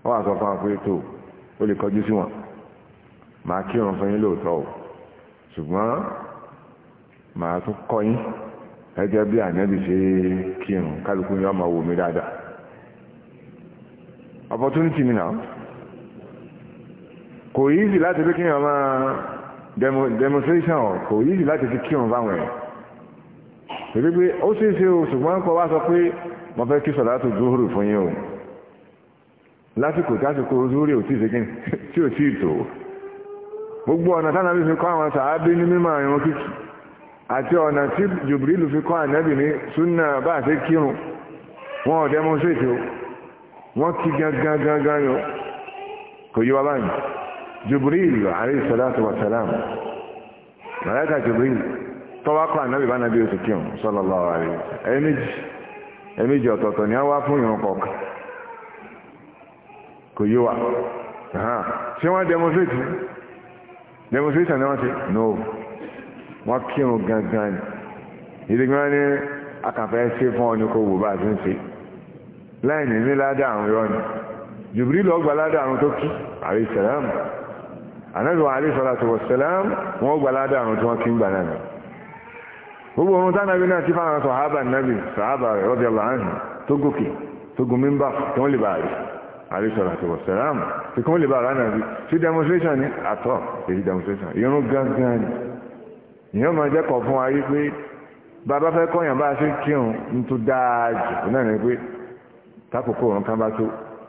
wọ́n wà sọ fún wa pé tó o lè kọjú sí wọn màá kírun fún yín lóòótọ́ o ṣùgbọ́n màá tún kọ́ yín gẹ́gẹ́ bí ànábì ṣe kírun kálukú yín ọmọ wò mí dáadáa opportunity mi náà kò easy láti fi kírun máa demonstration kò easy láti fi kírun fáwọn èèyàn torí pé ó sì ṣe o ṣùgbọ́n kọ́ wá sọ pé mo fẹ́ kí sọ̀látù zuhuru fún yín o lásìkò tásìkò zuhuru ò tí ì ṣe kí tí ò tí ì tò gbogbo ọ̀nà tánà fi kọ́ àwọn sàábí ní mímọ̀ irun kíkì àti ọ̀nà tí Jibrilu fi kọ́ ànábì ní súnà bá àti kírun wọn ò dẹ́mọ́sẹ̀tì o wọ́n kí gangan gangan yọ kò yí wa báyìí Jibrilu alayhi salatu wa salam màláíkà Jibrilu tọ́wá pa ànábì bá nàbí oṣù kí òun sallallahu alaihi ẹ̀ẹ́mẹ́jì ẹ̀ẹ́mẹ́jì ọ̀tọ̀ọ̀tọ̀ ni a wá fún ìrun kọ̀ọ̀kan kò yé wa ṣé wọ́n demonstrate demonstration ni wọ́n ti no wọ́n kírun gangan ni ìdígbọ́n ní akàfẹ́ ṣe fún ọdún kò wò bá ti ń ṣe láì ní ní ládà yọ ni jùbìrí lọ gba ládà àrùn tó kí àrí sàlámù ànábì wọn àrí salatu wassalam wọn gba ládà àrùn tí wọ́n kí ń gbà náà gbogbo ohun tánàbí náà tí fáwọn sọ̀hábà nàbì sọ̀hábà rẹ̀ rọ́bì aláàánú tó gòkè tó gun mímbà kí wọ́n lè bá rí àríṣọ́lá tó wọ̀ sẹ́ráàmù tí kí wọ́n lè bá rá nàbì sí demonstration ní àtọ̀ èyí demonstration ìrún gángan ni ìyẹn máa jẹ́kọ̀ọ́ fún wa yí pé bàbá fẹ́ kọ́yàn bá ṣe kírun ń tó dáa jù náà ni pé tákòókò òun kan bá tó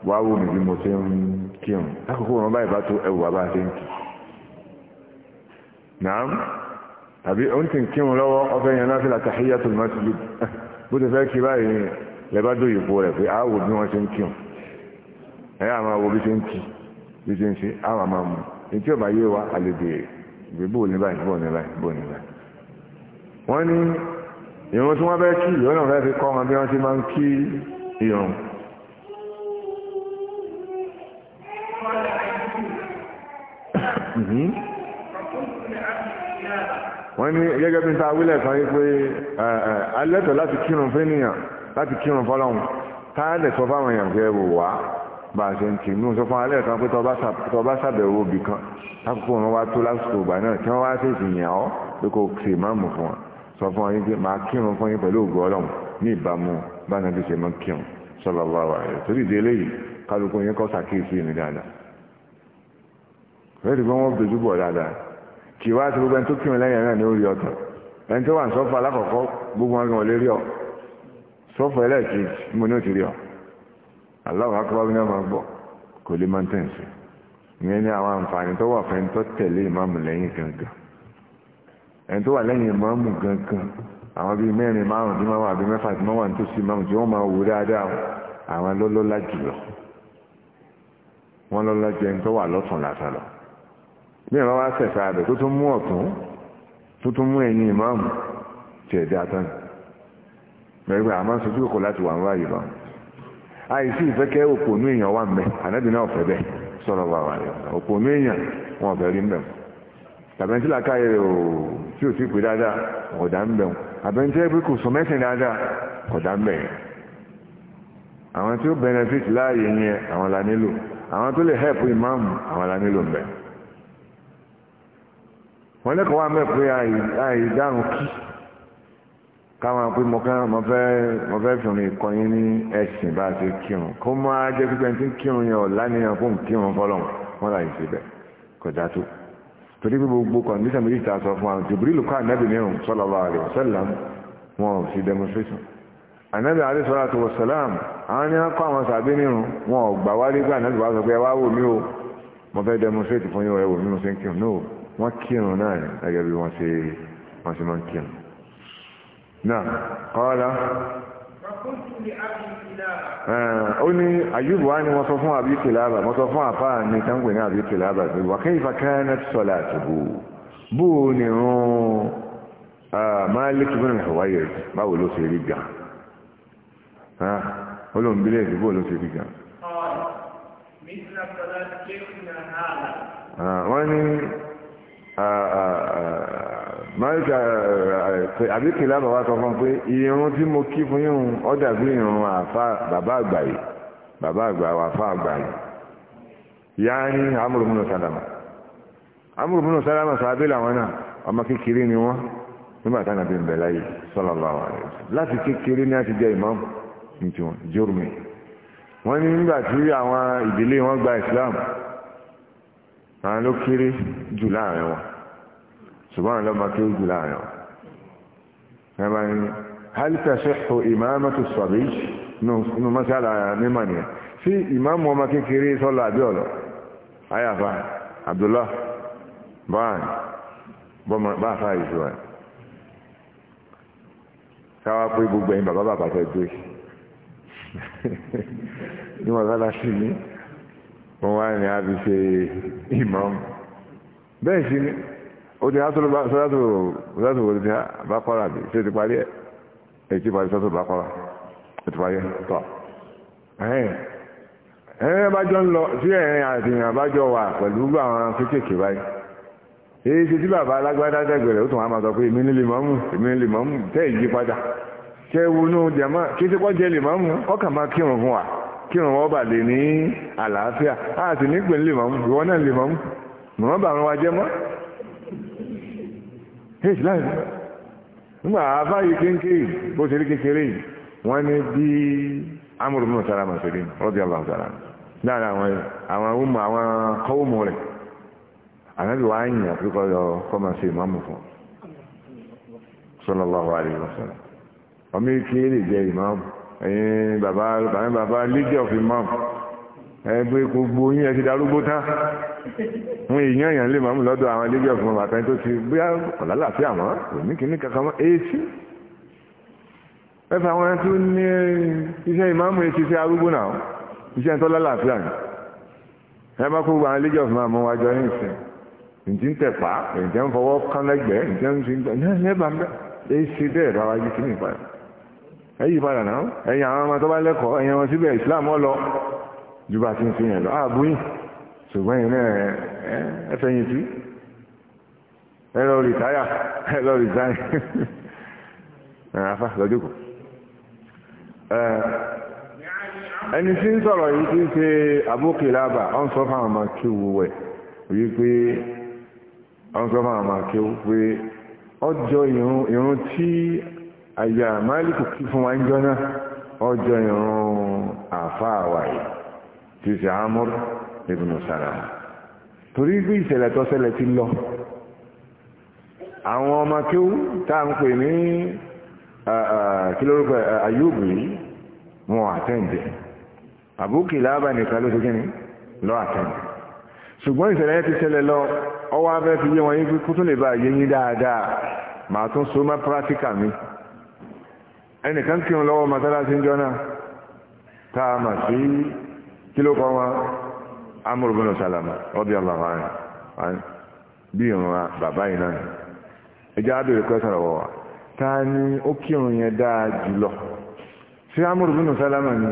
wá wò mí bí mo ṣe ń kírun tákòókò òun báyìí bá tó ẹwù wá bá ṣe ń kì náà tàbí ó ń tì ń kírun lọ́wọ́ ọfẹ́ yẹn náà fi láti àhíyá tó máa ti bó ti fẹ́ kí báyìí lẹ́bá dó ìbò rẹ̀ pé àá wò bí wọ́n ṣe ń kírun ẹ̀ àá máa wo bí ṣe ń kí bí ṣe ń ṣe àá máa mú ní tí ò bá yé wa àlejò ìgbé bò ní báyìí bò ní báyìí bò ní báyìí. wọ́n ní ìrun tí wọ́n fẹ́ kí ìrun náà fẹ́ fi kọ́ wọn bí wọ́n ti máa ń kí ìrun. Mm-hmm. wọ́n ní gẹ́gẹ́ bí n ta wílẹ̀ kan yí pé alẹ́tọ̀ láti kírun fẹ́nìyàn láti kírun fọlọ́run táàlẹ̀ sọ fáwọn èèyàn fẹ́ wò wá bá a ṣe ń tì nù sọ fún alẹ́ kan pé tọ́ bá ṣàbẹ̀wò bì kan lákòókò wọn wá tó lásìkò ìgbà náà tí wọ́n wá sí ìsìnyàn ọ́ pé kò sì má mú fún wọn sọ fún wọn pé màá kírun fún yín pẹ̀lú ògùn ọlọ́run ní ìbámu bá a ṣe mọ́ kírun sọlọ bá wà rẹ̀ torí kì wá sí gbogbo ẹni tó kí wọn lẹ́yìn náà ní orí ọ̀tọ̀ ẹni tó wà ní sọ́fà alákọ̀ọ́kọ́ gbogbo wọn gan ò lè rí ọ sọ́fà ẹlẹ́ẹ̀kejì mo ní òtí rí ọ Allahu akbar ní ọmọ gbọ́ kò lè máa ń tẹ̀sí ìyẹn ní àwọn àǹfààní tó wà fẹ́ni tó tẹ̀lé ìmáàmù lẹ́yìn gangan ẹni tó wà lẹ́yìn ìmáàmù gangan àwọn bíi mẹ́rin márùn tí wọ́n wà bíi mẹ́fà tí wọ́n wà nítòsí tó bí ìmọ̀ wá sẹ̀sà rẹ̀ tó tún mú ọ̀tún tó tún mú ẹ̀yìn ìmáàmù tí ẹ̀dẹ́ atán mẹ́gbẹ́ àmọ́ sojú kòkó láti wà ń wáyé lọ àìsí ìfẹ́kẹ́ òpònú èèyàn wà mẹ́ ànábì náà ọ̀fẹ́ bẹ́ẹ̀ sọ̀rọ̀ wà wà rẹ̀ òpònú èèyàn wọn ọ̀fẹ́ rí mẹ́wọ̀n tàbẹ́ntìlá káyé ò tí ò sí pé dáadáa ọ̀dà ń bẹ̀wọ̀n àbẹ́ntìlá pé kò sọ mẹ́sìn dáadáa ọ̀dà ń bẹ̀yẹn àwọn tí ó benefit láàyè yẹn àwọn la nílò àwọn tó lè help ìmáàmù àwọn la nílò ń wọ́n lẹ́kọ̀ọ́ wá mẹ́ pé àìdáhùn kí káwọn pé mo fẹ́ mo fẹ́ mo fẹ́ fìrìn ìkọyín ní ẹ̀sìn bá a ti kírun kó máa jẹ́ pípẹ́ tí ń kírun yẹn ọ̀la nìyẹn fún kírun fọlọ́n wọn là yìí ṣe bẹ́ẹ̀ kò dá tó torí pé gbogbo kọ̀ǹdíṣàn méjì ta sọ fún wa Jibril kọ́ ànábì mìíràn sallallahu alaihi wasallam wọn ò sí demonstration ànábì alaihi salatu wassalam àwọn ní wọn kọ́ àwọn sàbí mìíràn wọn ò gbà wá rí pé ànábì wa sọ pé ẹ wá wò mí o mo fẹ́ demonstrate fún yín ẹ wò mí mo ṣe kírun náà wọ́n kírun náà ni gẹ́gẹ́ bí wọ́n ṣe wọ́n ṣe máa ń kírun náà kọ́lá ó ní àyùbù wá ní wọ́n sọ fún àbí kìláàbà wọ́n sọ fún àpá ní táǹpẹ̀ ní àbí kìláàbà pé wà kẹ́ ìfàkẹ́ náà ti sọ̀lá àtìbù bó o ní rún Malik bin Huwayr báwo ló wọ́n ní máìkà àbí kìlá bàbá sọ fún pé irun tí mo kí fún yíhun irun àfa bàbá àgbà yìí bàbá àgbà wà àgbà yìí ní sálámà sálámà náà ọmọ kékeré ni wọn nígbà táwọn àbí sallallahu alaihi wasallam láti kékeré ní àti jẹ ìmáàmù ní jórùmí wọn ní nígbà tí àwọn ìdílé wọn gba islam. àwọn ló kéré jù láàrin wọn ṣùgbọ́n àwọn lọ́mọ kéré jù láàrin wọn ẹ̀bá ni hálítà ṣẹ́kù ìmáàmàtò sọ̀bí nínú mọ́sálà mímọ̀ nìyẹn sí ìmáàmù ọmọ kékeré sọ́lọ àbí ọ̀lọ́ ayàfà Abdullah báàn bá fà yìí sọ́wọ́n pé gbogbo ẹ̀yin bàbá bàbá tẹ̀ dé ní mọ́sálà sí ni wọ́n wá ní àbí ṣe imam bẹ́ẹ̀ sí ni ó ti sọ́dọ̀tò wòlé ti bá kọ́ra bí ṣe ti parí ẹ̀ èyí ti parí sọ́dọ̀tò bá kọ́ra ó ti parí ẹ̀ tọ́ ẹ̀rìn bájọ́ ń lọ sí ẹ̀rìn àtìyàn bájọ́ wà pẹ̀lú àwọn kéékèèké báyìí èyí ti tí bàbá alágbádá dẹ́gbẹ̀rẹ̀ ó tún wá máa sọ pé èmi ní lèmọ́mù èmi ní lèmọ́mù tẹ́ ìyípadà ṣe kí wọn bá lè ní àlàáfíà a sì ní pèlè lè mọ̀mú ìwọ náà lè mọ̀mú mọ̀mọ́ bá wọn wá jẹ́ mọ́ èyí láì nígbà àbáyé kéńkéyì bó ṣe rí kékeré yìí wọ́n ní bí amúrùmọ́ sára màṣẹ́rí rọ́bì àbá sára lára àwọn àwọn ọmọ àwọn kọ́wọ́mù rẹ̀ ànábì wàá yìn àfikọ́ yọ kọ́ máa ìmọ̀mù fún sallallahu alaihi wasallam ọmọ ìkéyì lè ẹ̀yin bàbá bàbá bàbá league of imam ẹgbẹ́ gbogbo yín ẹ ti darúgbó tán wọn èèyàn èèyàn lè mọ̀mú lọ́dọ̀ àwọn league of imam àtẹ́yìn tó ti bóyá ọ̀làlàfíà mọ́ òní kìíní kankan mọ́ èyí ẹfà àwọn tó ní iṣẹ́ ìmáàmù etí sí arúgbó náà iṣẹ́ tó lálàáfíà ni ẹ bá kó gbogbo àwọn legion of man mọ́ wájọ ní ìsìn ǹjẹ́ ń tẹ̀pá ǹjẹ́ ń fọwọ́ kán lẹ́gbẹ̀ẹ́ ǹjẹ́ ń fi ń gbà ní ẹ̀bà ń bẹ́ẹ̀ èyí ṣe bẹ́ẹ̀ ẹ̀yí padà náà ẹ̀yìn àwọn ọmọ tó bá lẹ́kọ̀ọ́ ẹ̀yìn wọn síbẹ̀ Islam ọlọ ju bá ti ń fi yẹn lọ ààbò yìí ṣùgbọ́n yìí náà ẹ fẹ̀yìn tí ẹ lọ rìtáyà ẹ lọ rìtáyà ẹ afá lọ́jọ́ kù ẹni tí ń sọ̀rọ̀ yìí ti ṣe abókèlábà ọ̀n sọ fún àwọn akéwù wẹ̀ wípé ọ̀n sọ fún àwọn akéwù pé ọjọ́ ìrún tí àyà máàlìkù kí fún wa ń jọ náà ọjọ́ ìrún àfáà wa yìí ti ṣe amúr ibùnú sàràmù torí bí ìṣẹ̀lẹ̀ tó ṣẹlẹ̀ ti lọ àwọn ọmọ kéwú tá à ń pè ní kí lórúkọ àyùbù yìí wọn àtẹ̀ǹdẹ̀ àbúkì láàbà nìkan ló ṣe kí ni lọ àtẹ̀ǹdẹ̀ ṣùgbọ́n ìṣẹ̀lẹ̀ ti ṣẹlẹ̀ lọ ọwọ́ abẹ́ fi yé wọn yín kó tún lè bá yé yín dáadáa màá tún so mọ́ pírátíkà mi ẹnìkan kí wọn lọ́wọ́ masalasi ń jọ́nà tá a mà sí kílò kan wa amúrò bínú sàlámà ọbí aláwa bí ìrùn bàbá yìí náà ẹjọ́ àbẹ̀rẹ̀ kọ́sàn ọ̀wọ́ wa ta ni ó kírun yẹn dáa jùlọ sí amúrò bínú ni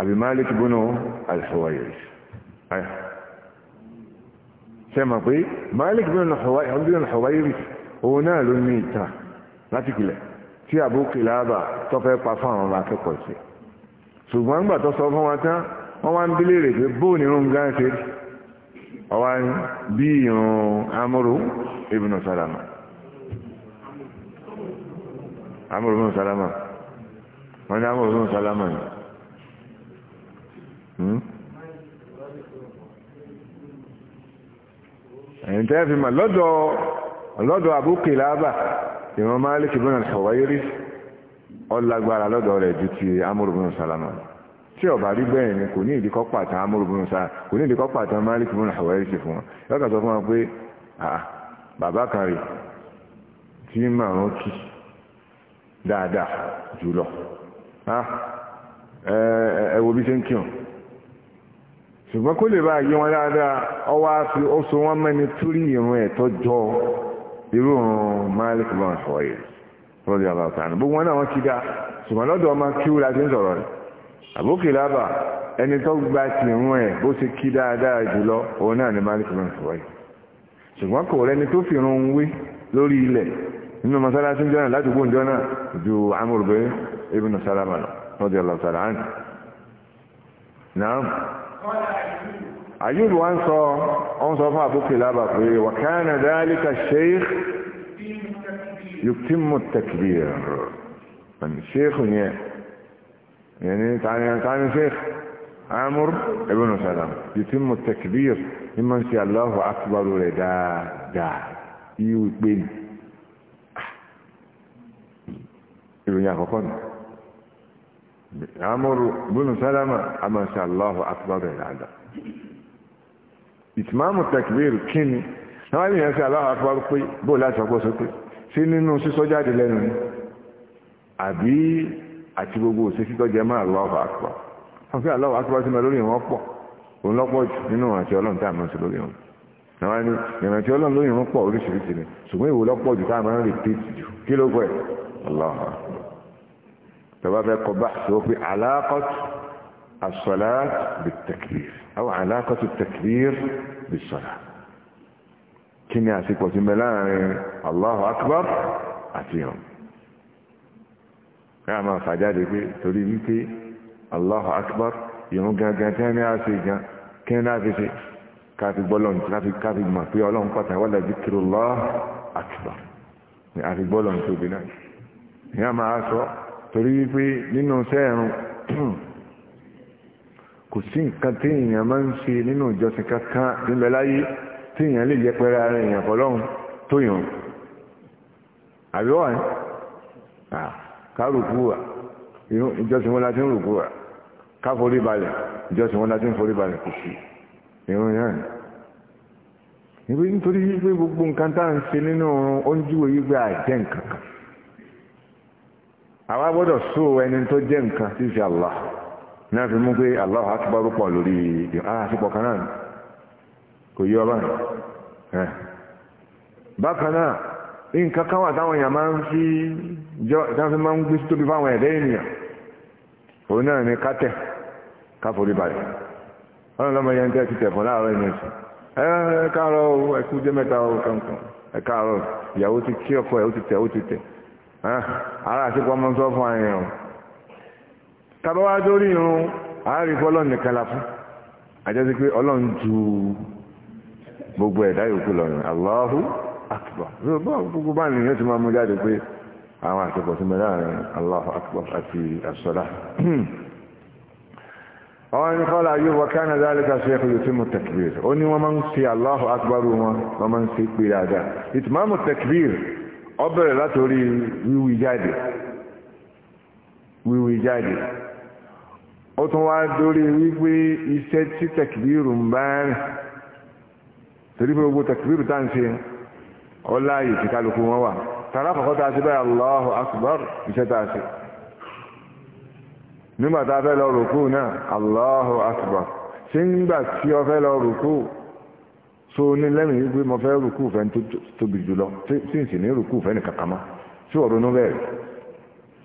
àbí máàlìkì bínú àìsọ̀wáyèrè sẹ́mà pé máàlìkì bínú àìsọ̀wáyèrè òun náà ló ní ìta láti kìlẹ̀ tí Abu Kilaba tó fẹ́ pa fún àwọn akẹ́kọ̀ọ́ sí ṣùgbọ́n nígbà tó sọ fún wọn tán wọ́n wá ń bílèrè pé bóòní irun gan ṣe ọwá bí irun amúrú ibn Salama amúrú ibn Salama wọ́n ní amúrú ibn Salama ni hmm? ẹ̀yìn tẹ́ fi mà lọ́dọ̀ Abu Kilaba ìmọ̀ Malik ibn al-Huwayrith ọlágbára lọ́dọ̀ rẹ̀ ju ti Amr ibn Salama tí ó bá rí bẹ́ẹ̀ ni kò ní ìdíkọ́ pàtàkì Amr ibn Salama kò ní ìdíkọ́ pàtàkì Malik ibn al-Huwayrith fún wọn lọ́kà sọ fún wọn pé bàbá kan rè tí màá ń kí dáadáa jùlọ ẹ wo bí ṣe ń kí ṣùgbọ́n kó lè bá yí wọn dáadáa ọwọ́ á fi ó so wọn mẹ́ni túrí ìrún ẹ̀tọ́ jọ irú òun Malik bọ́n sọ yìí rọ́dí àbáta ní gbogbo wọn náà wọ́n ti dá ṣùgbọ́n lọ́dọ̀ ọmọ kíú láti ń sọ̀rọ̀ rẹ̀ àbókè lábà ẹni tó gba ti rún ẹ̀ bó ṣe kí dáadáa jùlọ òun náà ni Malik bọ́n sọ yìí ṣùgbọ́n kò rẹni tó fi rún wé lórí ilẹ̀ nínú mọ́sálásí jọ́nà láti gbóhùn jọ́nà ju amúrùbẹ́ ibùn sálámà lọ rọ́dí àbáta náà ayúl wá ń sọ ọ́n sọ fún àbúkè lábà pé wà kánà dálíkà sheikh yuktimu takbir sheikh yẹn yẹn ni tani sheikh amur ibn salam yuktimu takbir ní ma ń ṣe Allahu akbar rẹ̀ dáadáa yíò pé ni ìròyìn àkọ́kọ́ ni amur ibn salama ma ń ṣe Allahu akbar rẹ̀ dáadáa ìtìmáàmù tẹkìbìrì kí ni náà ní ẹsẹ̀ aláwọ̀ afọ́rọ́ pé bóò láti ọkọ̀ sókè sí nínú sísọ jáde lẹ́nu ni àbí àti gbogbo òṣèṣì tó jẹ máa lọ́wọ́ àpọ̀ wọ́n fi àlọ́wọ́ àpọ̀ sí mi lórí wọn pọ̀ òun lọ́pọ̀ jù nínú àti ọlọ́run tá a máa ń الصلاة بالتكبير أو علاقة التكبير بالصلاة كم يعسك وتملان الله أكبر أتيهم كما فجاد تريد الله أكبر يوم كان كان يعسك كان يعسك káfi gbọ́lọ́n káfi káfi mọ̀ pé ọlọ́run ولا wọ́lá الله lọ́ àtìbà ní àfi gbọ́lọ́n tóbi náà ìyá máa sọ torí wípé nínú sẹ́ẹ̀rùn kò sí nǹkan tí èèyàn máa ń ṣe nínú ìjọsìn kankan níbẹ̀ láyé tí èèyàn lè yẹpẹrẹ ara èèyàn fọlọ́run tó yàn àbí wà ní kárùkù wà ìjọsìn wọn láti ń rùkù wà káforí balẹ̀ ìjọsìn wọn láti ń forí balẹ̀ kò sí ìrún yàn ní ìwé nítorí wípé gbogbo nǹkan tá à ń ṣe nínú oorun ó ń júwe wípé àjẹ́ nǹkan kan àwa gbọ́dọ̀ sóò ẹni tó jẹ́ nǹkan sí ti Allah náà fi mú pé Allahu akbar pọ̀ lórí ah, àṣepọ̀ kan náà kò yí ọba ẹ̀ bákan náà nǹkan kan wà táwọn èèyàn máa ń fi jọ táwọn fi máa ń gbé tóbi fáwọn ẹ̀dẹ́ ènìyàn òun náà ni kátẹ̀ káforí balẹ̀ ọ̀nà lọ́mọ yẹn tẹ́ ti tẹ̀ láàárọ̀ ẹ̀yìn ẹ̀sìn ẹ̀ káàárọ̀ ẹ̀kú jẹ́ mẹ́ta kankan ẹ̀ káàárọ̀ ìyàwó ti kí ọkọ ẹ̀ ó ti tẹ̀ ó ti tẹ̀ eh, ara tàbá wá dórí irun àárín fọlọ́n nìkan la fún àjọsí pé ọlọ́run gbogbo ẹ̀dá yòókù lọ́rùn Allahu akbar gbogbo bá nìyẹn ti máa mú jáde pé àwọn àti yóò wọ yóò mú ó ní wọ́n máa ń fi wọn wọ́n máa ń fi dáadáa mú bẹ̀rẹ̀ wíwí jáde wíwí jáde ó tún wá dórí wípé iṣẹ́ tí tẹ̀kìbírù ń bá rìn torí pé gbogbo tẹ̀kìbírù tá ń ṣe ọlá yìí tí kálukú wọn wà tààrà àkọ́kọ́ tá a ṣe báyìí Allahu Akbar iṣẹ́ tá a ṣe nígbà tá a fẹ́ lọ rùkú náà Allahu Akbar ṣé nígbà tí o fẹ́ lọ rùkú so ní lẹ́mìí wípé mo fẹ́ rùkú fẹ́ tóbi jùlọ tí n sì ní rùkú fẹ́ nìkan kan mọ́ sí bẹ́ẹ̀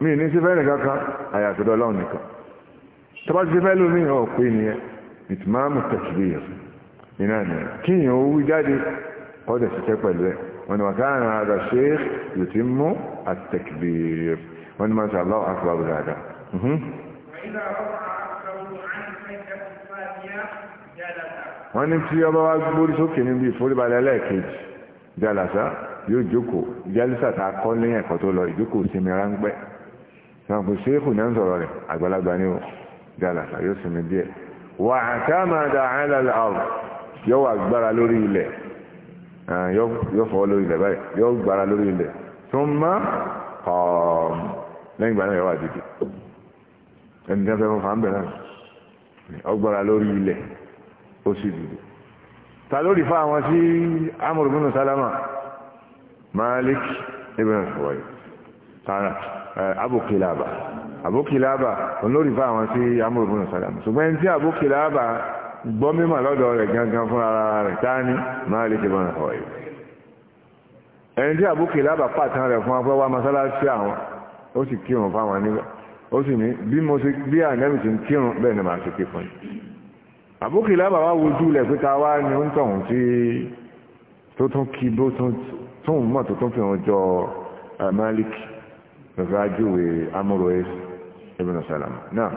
mi ní sí fẹ́ẹ̀nì kankan àyàtọ̀dọ̀ ọlọ́run nìkan tó bá ti sí fẹ́ẹ́ lómi ọ̀ pé nìyẹn ìtìmáàmù tẹ̀síbíyà iná ni kíyàn ó wí jáde ọdẹ̀ ṣiṣẹ́ pẹ̀lú ẹ̀ wọ́n ni wọ́n káà náà àgbà ṣe é yóò ti mú àtẹ̀kìbìrì wọ́n ni wọ́n ṣe aláwọ̀ àkùbàbù dáadáa. Mhm. wọ́n ní tí ọba wa gbórí sókè níbi ìforíbalẹ̀ ẹlẹ́ẹ̀kejì jálásá yóò jókòó jálísà tá a kọ́ lẹ́yìn ẹ̀kọ́ tó lọ ìjókòó sinmi ráńpẹ́ sọ́nkù ṣéèkù náà ń sọ̀rọ̀ rẹ̀ àgbàlagbà ní dàlà yóò sinmi díẹ̀ wà àtàmàdà àìlàlà àrùn yóò wà gbára lórí ilẹ̀ yóò fọwọ́ lórí ilẹ̀ báyìí yóò gbára lórí ilẹ̀ tó ń má ọ̀ọ̀m lẹ́yìn ìgbà náà yóò wà dìde ẹni tí wọ́n fẹ́ fún fàmbẹ̀ náà ó gbára fa àwọn sí amúrùmúnú sálámà Malik ibn Suwaid tààrà Eh, Abu Kilaba Abu Kilaba olórí fún àwọn sí Amru ibn Salam ṣùgbọ́n tí Abu Kilaba gbọ́ mímọ̀ lọ́dọ̀ rẹ̀ gangan fún ara rẹ̀ tání Malik ibn Huwayb ẹni tí Abu Kilaba pàtàn rẹ̀ fún afẹ́wà masalasi àwọn ó sì kírun fáwọn níbẹ̀ ó sì ní bí mo Abu Kilaba wá wojú ilẹ̀ pé ta wá ní oúnjẹ òun tí tó fẹ́fẹ́ ajúwe amúrò ẹ̀sì ibùdó sálàmù náà.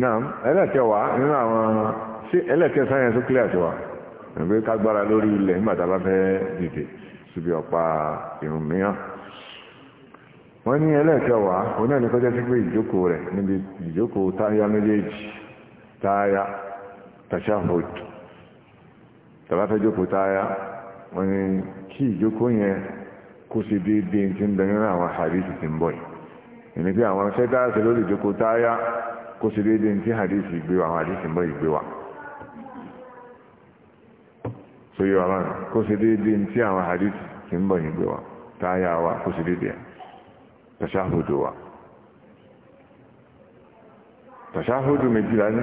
náà ẹlẹ́kẹ̀wá nínú àwọn sí ẹlẹ́kẹ̀ sáyẹ̀nsì clear tiwa ẹgbẹ́ kágbára lórí ilẹ̀ nígbà tá a bá fẹ́ dìde síbi ọ̀pá ìrùn mìíràn wọ́n ní ẹlẹ́kẹ̀wá onáà ní kọjá sí pé ìjókòó rẹ̀ níbi ìjókòó táyà méjèèjì táyà tashahud tàbátà jókòó táyá wọ́n ni kí ìjókòó yẹn kó sì déédé tí ń bẹ̀rẹ̀ nínú àwọn hadith ti ń bọ̀ yìí ìní pé àwọn sẹ́dáàsì lórí ìjókòó táyá kó sì déédé tí hadith ìgbé wa àwọn hadith ń bọ̀ ìgbé wa so yóò wá lánàá kó sì déédé tí àwọn hadith ti ń bọ̀ ìgbé wa táyá wa kó sì déédé tashahud wa tashahud méjìlá ní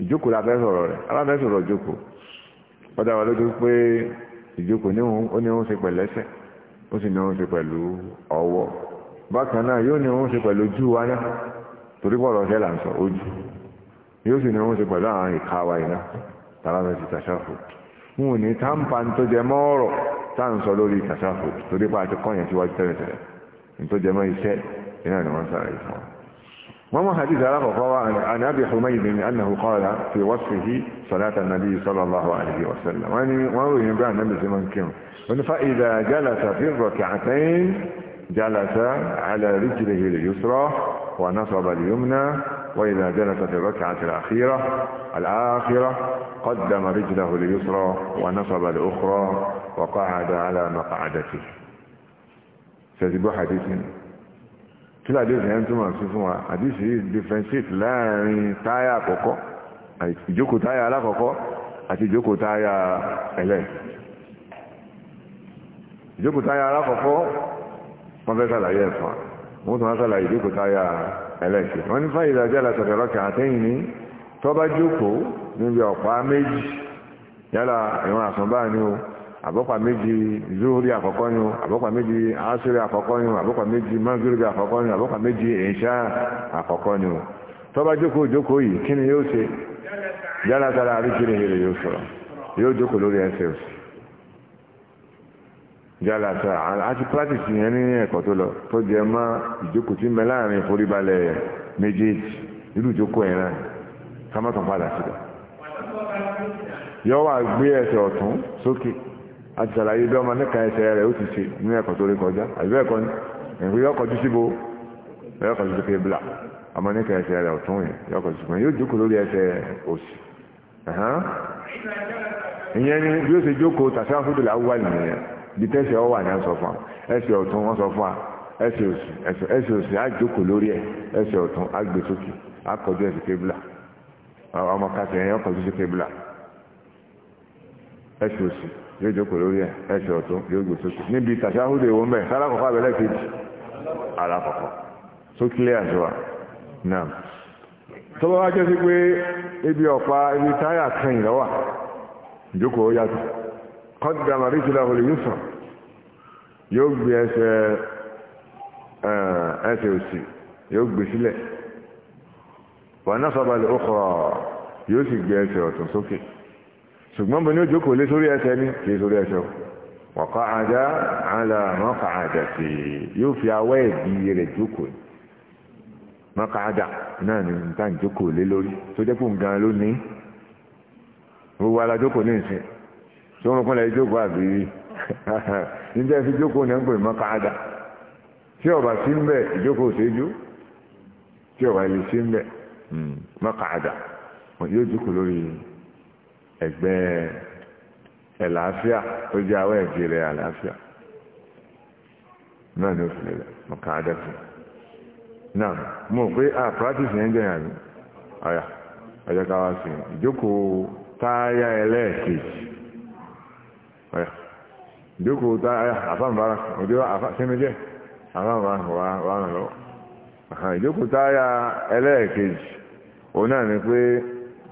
ìjókòó la fẹ́ sọ̀rọ̀ rẹ̀ aláfẹ́ sọ̀rọ̀ ìjókòó ọ̀dà wà lójú pé ìjókòó ní òun ní òun ṣe pẹ̀lẹ́sẹ̀ ó sì ní òun ṣe pẹ̀lú ọwọ́ bákan náà yóò ní òun ṣe pẹ̀lú ojú wa náà torí pọ̀ lọ́sẹ̀ là ń sọ ojú yóò sì ní òun ṣe pẹ̀lú àwọn ìka wa iná tàbí ti tàṣàfò wọn ò ní táǹpà tó jẹ mọ́ ọ̀rọ̀ tá à ń sọ lórí tàṣàfò torí pọ̀ àti kọ́yìn síwájú tẹ́lẹ̀tẹ́lẹ̀ tó jẹ mọ́ iṣẹ́ iná ni wọ́n sáré fún وما حديث الأخوة عن أبي حميد أنه قال في وصفه صلاة النبي صلى الله عليه وسلم وروي عن النبي عليه كم فإذا جلس في الركعتين جلس على رجله اليسرى ونصب اليمنى وإذا جلس في الركعة الأخيرة الآخرة قدم رجله اليسرى ونصب الأخرى وقعد على مقعدته سيدي حديث kí làdíìsì yẹn túmọ̀ sí fún wa àdíìsì yìí differentiate láàrin táyà àkọ́kọ́ ìjókòó táyà alákọ̀ọ́kọ́ àti ìjókòó táyà ẹlẹ́ ìjókòó táyà alákọ̀ọ́kọ́ wọ́n fẹ́ sàlàyé ẹ̀fọ́ wọ́n tún wá sàlàyé ìjókòó táyà ẹlẹ́ẹ̀kì wọ́n ní fáyìí ìdájọ́ àlàsọ̀tẹ̀ lọ́kà àtẹ́yìn ní tọ́ba jókòó níbi ọ̀pá méjì yálà ìwọ̀n àsánbáà ni o àbọ́pà méjì zuhuri àkọ́kọ́ yun àbọ́pà méjì asiri àkọ́kọ́ yun àbọ́pà méjì mangiribi àkọ́kọ́ yun méjì ìṣá àkọ́kọ́ yun jókòó jókòó yìí kí ni yóò ṣe yára tara àríkìrì hèrè yóò sọ̀rọ̀ yóò jókòó lórí ẹsẹ̀ òsì yára tara àti pírátìsì yẹn ní ẹ̀kọ́ tó lọ tó jẹ mọ́ ìjókòó tí ń láàrin ìforíbalẹ̀ méjèèjì irú ìjókòó yẹn náà àti sàlàyé bí ọmọ nìkan ẹsẹ̀ rẹ̀ ó ti ṣe ní ẹ̀kọ́ tó rí kọjá àbí ẹ̀kọ́ ni ẹ̀kọ́ yóò kọjú síbo yóò kọjú sí kébìlà ọmọ nìkan ẹsẹ̀ rẹ̀ ọ̀tún yẹn yóò kọjú síbo yóò jókòó lórí ẹsẹ̀ òsì ìyẹn ni bí ó ṣe jókòó tàṣà fúdùlà awúwà nìyẹn bí tẹ́sẹ̀ ọwà ni a sọ fún wa ẹsẹ̀ ọ̀tún wọ́n sọ fún wa ẹsẹ̀ òsì ẹsẹ̀ òsì á jókòó lórí ẹ ẹsẹ̀ ọ̀tún á gbé sókè á kọjú ẹsẹ̀ kébìlà ọmọ kàtẹ́ yẹn yóò kọjú sí kébìlà ẹsẹ̀ òsì yóò jókòó lórí ẹ̀ ẹ̀ṣẹ̀ ọ̀tún yóò gbé sókè níbi tàṣáhùdù èwo mẹ́ sálákọ̀ọ́kọ́ abẹ́lẹ́ kejì alákọ̀ọ́kọ́ tó kílẹ̀ àṣọwà náà tó bá wá jẹ́ sí pé ibi ọ̀pá ibi táyà kan ìlọ́wà ìjókòó yàtọ̀ kọ́dà maríṣìlá olè yóò sàn yóò gbé ẹsẹ̀ eh, ẹsẹ̀ òsì yóò gbé sílẹ̀ wà náà sọ́balẹ̀ ó kọ̀ yóò sì gbé ẹsẹ̀ ọ̀tún sókè ṣùgbọ́n bọ̀ ní òjò kò lé sórí ẹsẹ̀ ní kìí sórí ẹsẹ̀ wọ̀kọ́ àjá àlà mọ́kà àjà sí yóò fi awẹ́ ìdí rẹ̀ jókòó mọ́kà àjà náà ní nǹkan jókòó lé lórí tó jẹ́ pò ń gan lónìí gbogbo ala jókòó ní ìsìn tó ń kún lẹ́ jókòó àbí níjẹ́ fi jókòó ní ẹgbẹ̀rún mọ́kà àjà tí ọba sí ń bẹ̀ ìjókòó ṣeéjú tí ọba ilé sí ń bẹ̀ mọ́kà àjà yóò jókòó lórí yìí. Egbe ẹ̀láfíà tó jẹ awọ́ ẹ̀jẹ̀ rẹ̀ àláfíà náà ni ó fi lè mọ ọ̀ka adẹ́kùn náà mo pé a ah, practice yẹn ni. yàrá ọ̀yà ọjọ́ ká wá sí ìjókòó táyà ẹlẹ́ẹ̀kejì ọ̀yà ìjókòó táyà àfáǹbára òde àfá sẹ́mi wà wà ìjókòó táyà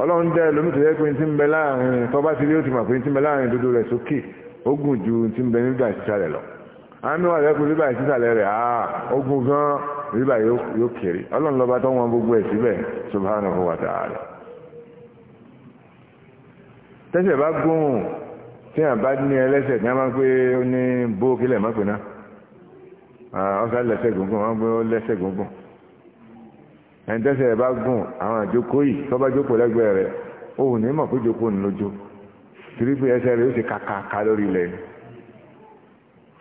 ọlọ́run dẹ́ lómi tó yẹ pé ti ń bẹ láàrin tó bá ti rí ó ti mọ̀ pé ti ń bẹ láàrin dodo rẹ̀ sókè ó gùn ju ti ń bẹ nígbà ìsísàlẹ̀ lọ àánú wà lẹ́kùn bíbà ìsísàlẹ̀ rẹ̀ á ó gùn gan bíbà yóò kéré ọlọ́run lọ́ba tó wọn gbogbo ẹ̀ síbẹ̀ subhanahu wa ta'ala. tẹ́sẹ̀ bá gùn tí a bá ní ẹlẹ́sẹ̀ tí a máa ń pé ó ní bó kílẹ̀ mọ́pẹ́ náà ọ̀sán lẹ́sẹ̀ gúngún wọ́n gbé ó lẹ́sẹ̀ gúngún ẹ̀ńtẹ́sẹ̀ rẹ̀ bá gùn àwọn àjókòó yìí tọ́ba jókòó lẹ́gbẹ̀ẹ́ rẹ̀ òun ní mọ̀ pé jókòó ní lójó torí pé ẹsẹ̀ rẹ̀ ó sì kàkàkà lórí ilẹ̀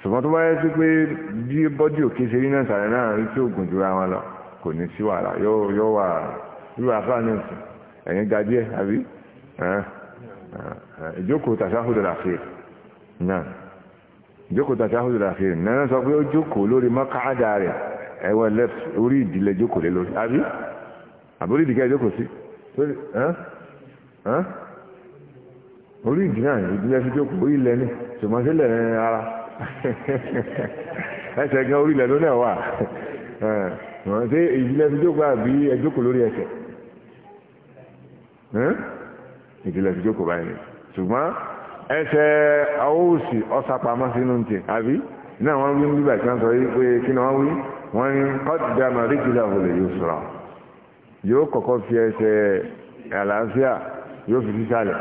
ṣùgbọ́n tó bá yẹ sí pé bí bọ́dì òkè ṣe rí náà sàrẹ̀ náà rí tí òògùn jura wọn lọ kò ní sí wàhálà yóò wà irú àfáà náà sùn ẹ̀yìn ga díẹ̀ àbí ìjókòó tàṣáhùdù ràfíì náà ìjókòó tàṣáhùdù ràfíì náà sọ pé ó jókòó lórí mọ́káádà rẹ̀ ẹwọ left orí ìdílé jókòó lé lórí àbí àbórí ìdílé jókòó sí sórí orí ìdílé àyè ìdílé fi jókòó orí ilẹ̀ ni ṣùgbọ́n sílẹ̀ ara ẹsẹ̀ gan orí ilẹ̀ ló náà wà wọ́n ṣe ìdílé fi jókòó àbí ẹjókòó lórí ẹsẹ̀ ìdílé fi jókòó báyìí ṣùgbọ́n ẹsẹ̀ ọwọ́ òsì ọ̀sàpamọ́ sínú ti àbí náà wọ́n wí nígbà tí wọ́n sọ yìí pé kí ni wọ́n wí wọ́n ní qaddama rijlahu al-yusra yóò kọ́kọ́ fi ẹsẹ̀ àlàáfíà yóò fi sísàlẹ̀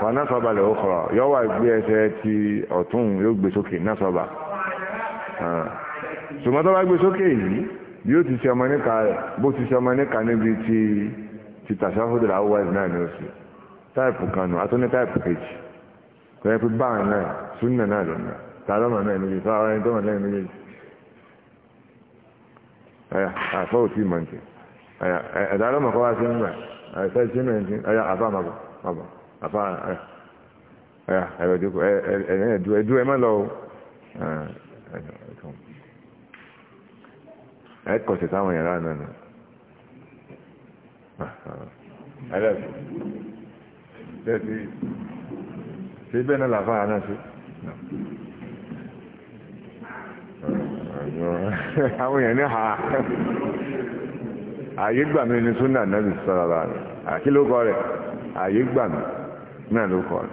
wọ́n náà sọ́ba lè ukhra yóò wà gbé ẹsẹ̀ ti ọ̀tún yóò gbé sókè náà sọ́ba ṣùgbọ́n tó bá gbé sókè yìí yóò ti ṣe ọmọ níka rẹ̀ bó ti ṣe ọmọ níka níbi ti ti tàṣáfódò àwọ̀ náà ní oṣù táìpù kan nù àtúní táìpù kejì pẹ̀lú báwọn náà súnà náà lọ́nà tààlọ́mà náà níbi fáwọn náà níbi àfọ́ òtí mọ̀ntì ẹ̀dá lọ́mọ̀kọ́ wá sí ń gbà ẹ̀fẹ́ sí mẹ́ntì ẹ̀yà àfá màbọ̀ màbọ̀ e ẹ̀yà ẹ̀rọ ìdíkù ẹ̀dú ẹ̀dú ẹ̀ má lọ o ẹ̀ kọ̀sẹ̀ táwọn yàrá náà nù ah, ah. ẹlẹ́sì tẹ́sí síbẹ̀ náà làfáà náà sí. àwọn èèyàn ní ha ààyè gbà mí ní súnà nàbì sọ̀rọ̀ rẹ̀ àkí ló kọ́ rẹ̀ ààyè gbà mí náà ló kọ́ rẹ̀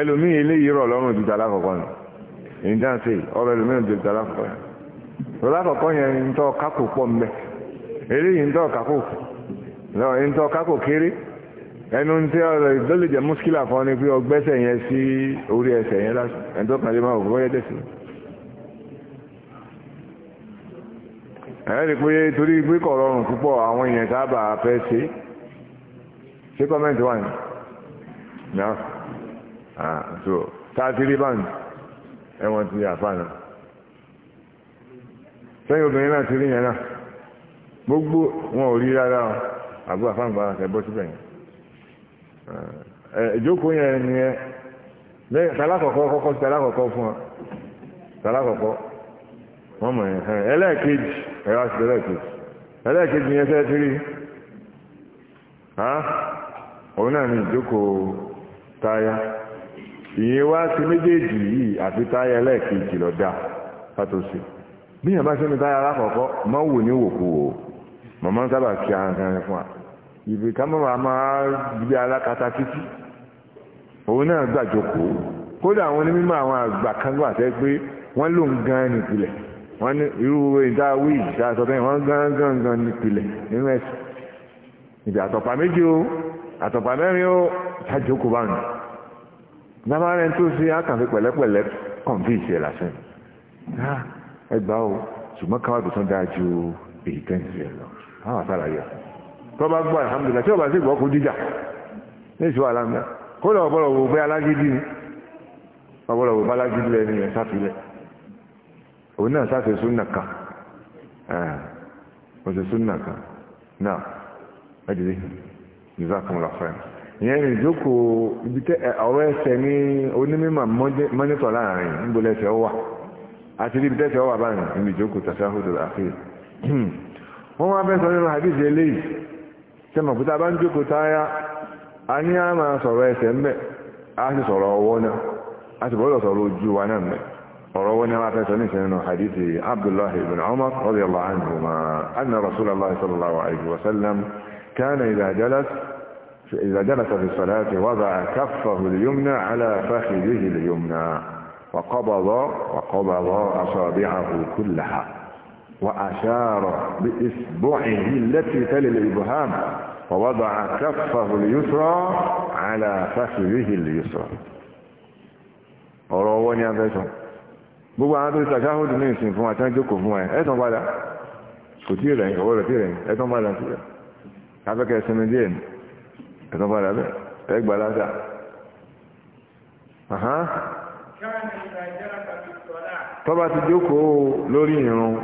ẹlòmíì eléyìí rọ̀ lọ́rùn ju tàlá kọ̀kọ́ nù ọ̀rọ̀ kọ̀kọ́ yẹn kọ̀kọ́ yẹn ń tọ́ pé ọgbẹ́sẹ̀ yẹn ẹ̀rí pé torí pé kò rọrùn púpọ̀ àwọn èèyàn sábà fẹ́ ṣe ṣé kọ́mẹ́ntì wà ní náà so tààtìrí bá ní ẹ̀wọ̀n ti àfà náà sẹ́yìn obìnrin náà ti rí yẹn náà gbogbo wọn ò rí rárá o àbúrò àfàǹgbà ẹ̀bọ́ síbẹ̀ yẹn ìjókòó yẹn ni ẹ lẹ́yìn tàlákọ̀kọ́ kọ́kọ́ tàlákọ̀kọ́ fún ọ tàlákọ̀kọ́ wọ́n mọ̀ ẹ̀hẹ́n ẹlẹ́ẹ̀kejì ẹ̀rọ àti ẹlẹ́ẹ̀kejì ẹlẹ́ẹ̀kejì yẹn fẹ́ tí rí òun náà ní ìjókòó táyà ìyẹn wá sí méjèèjì yìí àti táyà ẹlẹ́ẹ̀kejì lọ́dà pàtó sí bí yẹn bá ṣe ní táyà alákọ̀ọ́kọ́ má wò ní wòkú o màmá ń sábà kí ara kan fún wa ìbí ká má máa máa gbé alákatá títí òun náà gbàjókòó kódà àwọn onímọ̀ àwọn àgbà kan gbà tẹ́ pé wọ́n lòun gan-an nìpìlẹ̀ wọ́n ní irú ìdá wíì ìdá àtọ̀tẹ́ wọ́n gángan nípìnlẹ̀ nínú ẹ̀sìn ìdí àtọ̀pá méjì o àtọ̀pá mẹ́rin o ṣàjókòó bá nù lábàárẹ̀ tó ṣe àkànfẹ́ pẹ̀lẹ́pẹ̀lẹ́ kọ̀ǹfíìsì ẹ̀ lásán ẹgbàá o ṣùgbọ́n káwá tó tán dáa ju èyí tẹ́ǹsì ẹ̀ lọ àwọn àtàrà yẹ tó bá gbọ́ alhamdulilayi tí o bá sì gbọ́ kó jíjà ní ìṣó alámẹ́ kó òun náà sáà ṣe súnà kan ó ṣe súnà kan náà ẹ̀dìrí ìzákun lọ́fẹ́ ìyẹn ní ìjókòó ibi tẹ́ ọ̀rọ̀ ẹsẹ̀ ní onímọ̀ mọ́nítọ̀ láàrin níbole ẹsẹ̀ ó wà àti ibi tẹ́sẹ̀ ó wà báyìí níbi ìjókòó tàṣáhùdù àfihàn wọ́n wá fẹ́ sọ nínú hadith eléyìí tẹ́ mọ̀ a bá وروينا ما فاتنيش من حديث عبد الله بن عمر رضي الله عنهما أن رسول الله صلى الله عليه وسلم كان إذا جلس إذا جلس في الصلاة وضع كفه اليمنى على فخذه اليمنى وقبض وقبض أصابعه كلها وأشار بإصبعه التي تلي الإبهام ووضع كفه اليسرى على فخذه اليسرى ورواني عن ذلك gbogbo àwọn tó ti sàkáhùdù ní ìsìn fún àtàn jókòó fún ẹ ẹtàn padà kò tí rẹ̀ ọwọ́ rẹ̀ tí rẹ̀ ẹtàn padà sí rẹ̀ afẹ́kẹ́ sinmi díẹ̀ ní ẹtàn padà bẹ́ẹ̀ ẹ gbà lásà. tọ́ba ti jókòó lórí irun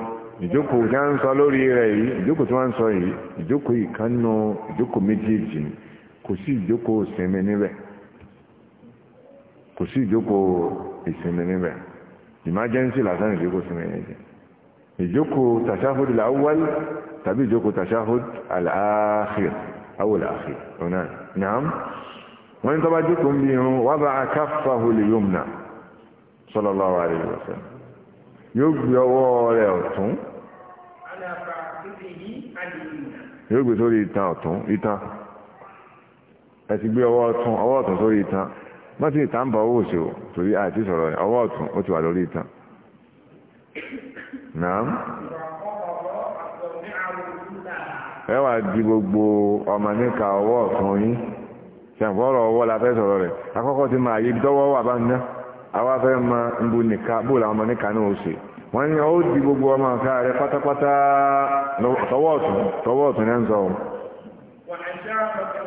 ìjókòó tí wọ́n ń sọ lórí rẹ̀ yìí ìjókòó tí wọ́n ń sọ yìí ìjókòó ìkànnù ìjókòó méjèèjì ni kò sí ìjókòó sinmi níbẹ̀ kò sí ìjókòó ìsinmi níbẹ̀ emergency lásán ìjókòó sí mẹ́rin jẹ́ ìjókòó tashahud al-awwal tàbí ìjókòó tashahud al-akhir awwal akhir ọ̀nà naam wọ́n ní tó bá jókòó ń bí irun wada'a kaffahu al-yumna sallallahu alayhi wa sallam yóò gbé ọwọ́ rẹ̀ ọ̀tún má ti bọ̀ owó òṣèwò torí àti sọ̀rọ̀ ọwọ́ ọ̀tún ó ti wà lórí ìtàn náà ẹ wà di gbogbo ọmọ níka ọwọ́ ọ̀tún yín ọwọ́ la fẹ́ sọ̀rọ̀ rẹ̀ akọ́kọ́ ti máa yí dọ́wọ́ wà bá ń ná àwa fẹ́ mọ nbu nìka bó làwọn ọmọ níka náà ó wọ́n ní ó di gbogbo ọmọ ọ̀ká pátápátá tọwọ́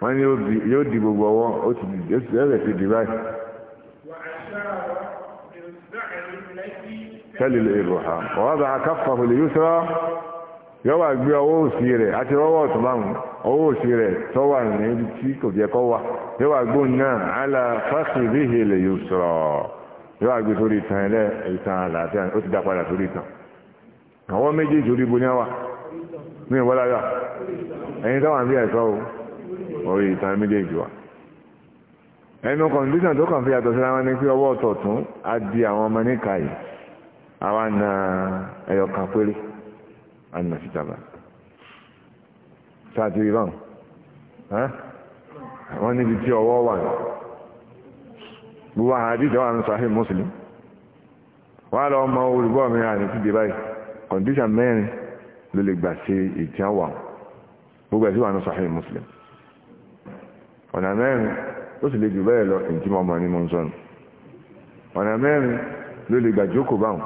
wọ́n ní yóò di gbogbo ọwọ́ ó ti ẹ̀rẹ̀ ti di báyìí. tẹ́lẹ̀ lè rò ha ọ̀wá bá a káfà òlè yóò sọ́rọ́ yóò wà gbé ọwọ́ òsì rẹ̀ àti ọwọ́ ọ̀tún báwọn ọwọ́ òsì rẹ̀ wà tí kò jẹ́ yóò gbóhùn náà àlà fásitì bí ìhèlè yóò sọ̀rọ̀ yóò gbé sórí ìtàn ìtàn àlàáfíà ó ti dá orí ìtàn méjèèjì wa ẹnu kọ̀ǹdíṣàn tó kàn fi yàtọ̀ síra wọn ni pé ọwọ́ ọ̀tọ̀tún á di àwọn ọmọ níka yìí àwa na ẹyọ kan péré á nà sí tàbá sáà ti rí báwọn wọ́n níbi tí ọwọ́ wà gbogbo àdìsẹ́ wà ní Sahih Muslim wà lọ ọmọ olùgbọ́ mi àti ti dé báyìí kọ̀ǹdíṣàn mẹ́rin ló lè gbà ṣe ìtìyàwó gbogbo ẹ̀sìn wà ní Sahih Muslim ọ̀nà mẹ́rin ó sì lè jù bẹ́ẹ̀ lọ èyí tí mo mọ̀ ní mo ń sọnù ọ̀nà mẹ́rin ló lè gbà jókòó báwọn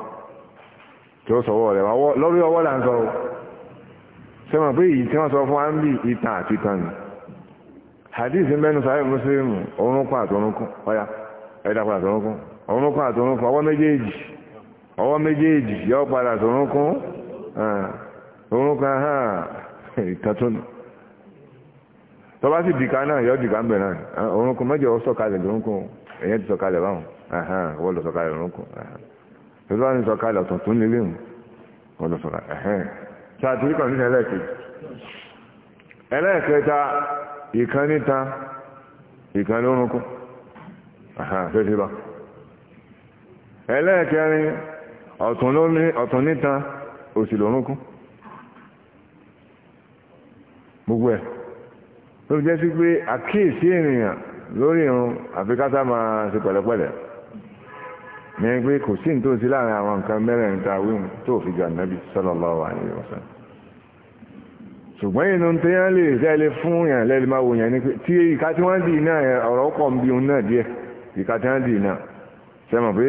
tí ó sọ̀wọ́ rẹ̀ lórí ọwọ́ là ń sọ sẹ́wọ̀n pé èyí tí wọ́n sọ fún ambi ìtàn àti ìtàn ni hadith mẹ́nu sáré mùsùlùmù orúnkún àtọrúnkún ọ̀yà ẹ̀dá padà tọrúnkún orúnkún àtọrúnkún ọwọ́ méjèèjì ọwọ́ méjèèjì yọ padà tọrúnkún orúnkún ahán ìtàtúnù tọba sì dìka náà yọ dìka mbẹ náà orúnkún mẹjọ sọ̀kalẹ̀ lórúnkún èyàn ti sọ̀kalẹ̀ báwọn wọ́n lọ sọ̀kalẹ̀ lórúnkún tọba ní sọ̀kalẹ̀ ọ̀tọ̀tún nílé mu wọ́n lọ sọ̀kalẹ̀ ẹ̀hẹ́n ṣàtúrí kan ẹlẹ́ẹ̀kejì ẹlẹ́ẹ̀kẹta ìkan níta ìkan bá ẹlẹ́ẹ̀kẹrin ọ̀tún níta òsì gbogbo ẹ̀ tó jẹ́ sí pé àkíyèsí ènìyàn lórí irun àfi kásá máa ṣe pẹ̀lẹ́pẹ̀lẹ́ ní pé kò sí ní tó sí láàrin àwọn nǹkan mẹ́rẹ̀ẹ̀rin ta wíwù tó fi jù ànábì sallallahu alaihi wasallam ṣùgbọ́n inú tí yẹn lè rẹ́ lè fún yàn lẹ́lẹ́ máa wò yàn ní pé tí ìka tí wọ́n dì náà yẹn ọ̀rọ̀ pọ̀ ń bí òun náà díẹ̀ ìka tí wọ́n dì náà sẹ́mọ̀ pé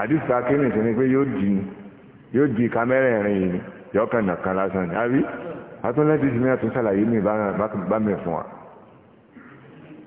àdìsá kínní sí ni pé yóò di ìka mẹ́rẹ̀ẹ̀rin yìí ni yọ̀ọ́kàn lásán ni àbí atúnlẹ́tì sí mi àtúnṣàlàyé mi bá mi fún wa.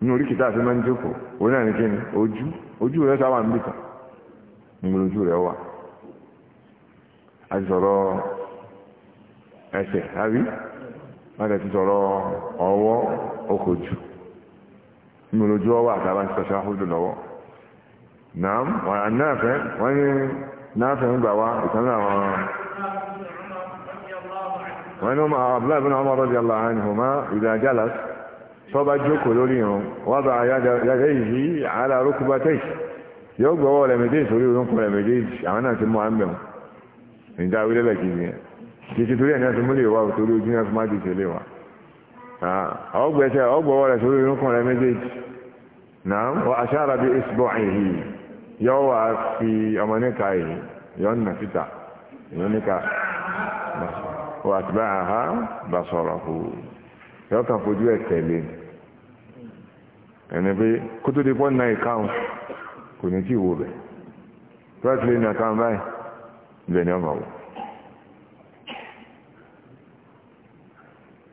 ní orí kìtà àti máa ń jókòó òun ojú ojú rẹ sáwà ń ojú wà a ti sọ̀rọ̀ ẹsẹ̀ àbí wọ́n ti sọ̀rọ̀ ọwọ́ okòjú ńgbèrè ojú ọwọ́ àtàwọn ti sọ̀rọ̀ ṣáhùdù lọ́wọ́ naam wọ́n náà wọ́n ní náà ń gbà wá ìtàn náà wọ́n wọ́n ní abúlé ọmọ tọ́ba jókòó lórí irun wábà yàgé yìí àlà rúkúbá tẹ́yì yóò gbọ́wọ́ rẹ̀ méjèèjì sórí orúkọ àwọn náà ti mú àmì ẹ̀wọ̀n nígbà wílé lẹ́kì ni ẹ̀ títí torí ẹ̀ ní múlẹ̀ wà torí ojú náà má dìtẹ̀ lé ah, wa ọgbẹ̀sẹ̀ ọgbọ̀wọ́ rẹ̀ sórí náà wọ́n fi yóò ẹni pé kó tó di pọ́ náà ìkáhùn kò ní tí ìwò bẹ̀ first lane account báyìí ibẹ̀ ọmọ wò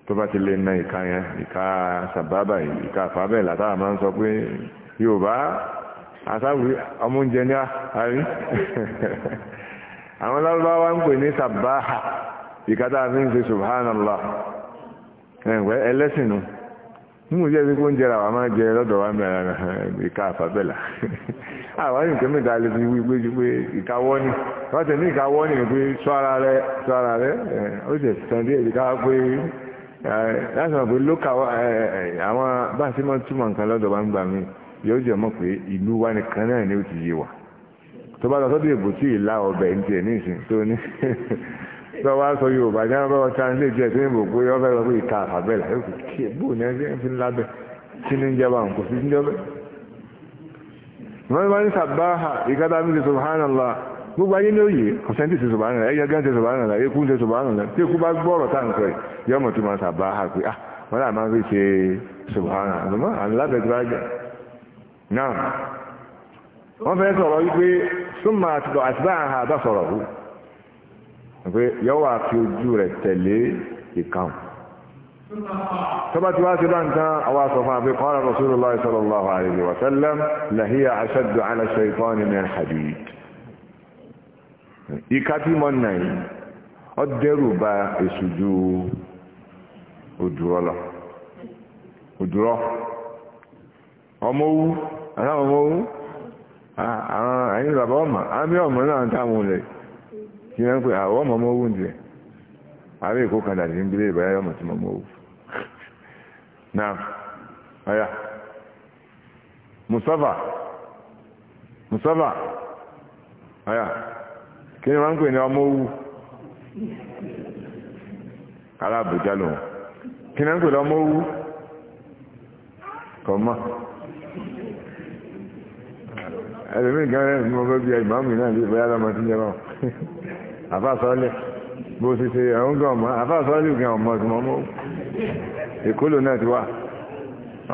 tó bá ti lè na ìka yẹn ìka sàbábà ìka fàbẹ̀ látàrà máa ń sọ pé Yorùbá asáwùrí ọmọ oúnjẹ ní àárín àwọn lárúbáwá ń pè ní sàbáhà ìka tá a fi ń ṣe subhanallah ẹ̀wẹ́ ẹlẹ́sìn nù mú jẹ́ pípọ́ oúnjẹ ra wà máa jẹ lọ́dọ̀ wa mẹ́ra eh, ìka àfàbẹ́là ah, àwọn nǹkan mẹ́ta lè fi wí pé ju pé ìkawọ́ ni wọ́n tẹ̀ ní ìkawọ́ ni pé sọ ara rẹ sọ ara rẹ eh, ó sì tàn díẹ̀ ìka pé láti eh, mọ̀ pé lókà àwọn bá a ṣe máa túmọ̀ nǹkan lọ́dọ̀ wa ń gbà mí yóò jẹ́ mọ̀ pé ìlú wa nìkan náà ni ó ti yé wa tó bá lọ sọ́dọ̀ èbò tí ì ń tiẹ̀ tó wá sọ yorùbá ní àwọn báwọn translate ẹ̀ tó yìnbó pé wọ́n fẹ́ lọ pé ìka àfàbẹ́là yóò fi kí ẹ bóun ní ẹ fi lábẹ́ kí ni ń jẹba nǹkan fi ń jọbẹ́. wọ́n bá ní sàbáhà ìkátà mi ti subhanallah gbogbo ayé ní òye kọ̀sẹ́ntì ti subhanallah ẹ̀yẹ gán ti subhanallah eku ti subhanallah tí eku bá gbọ́rọ̀ táǹkọ̀ yìí yọmọ tó máa sàbáhà pé ah wọ́n dà máa fi ṣe subhanallah àlábẹ́ tó bá jẹ́ náà wọ́n fẹ́ sọ̀rọ̀ wípé súnmọ́ àtìbọ̀ àtìbá àhà bá sọ̀rọ̀ wù pé yọ́ wà fi ojú rẹ̀ tẹ̀lé ìkàun tọ́bá ti wá sí bá ń tán àwọn asọ̀fún àbí qala rasulullah sallallahu alayhi wa sallam lahiya ashaddu ala shaytani min hadid ìka tí mọ́ nà yìí ọ dẹ́rù kí wọ́n pè àwọn ọmọ ọmọ owó ń jẹ ààrẹ èkó kan dàdí ń gbélé ìbáyá ọmọ tí mo mọ owó náà ọ̀yà mùsọ́fà mùsọ́fà ọ̀yà kí ni wọ́n ń pè ní ọmọ owó alábùjá lòun kí ni ọmọ owó kọ̀ọ̀mọ́ àfàsọ́lẹ̀ bó ti ṣe ẹ̀rùn gan ọmọ àfàsọ́lẹ̀ gan ọmọ ọdún ọmọ ìkólò náà ti wà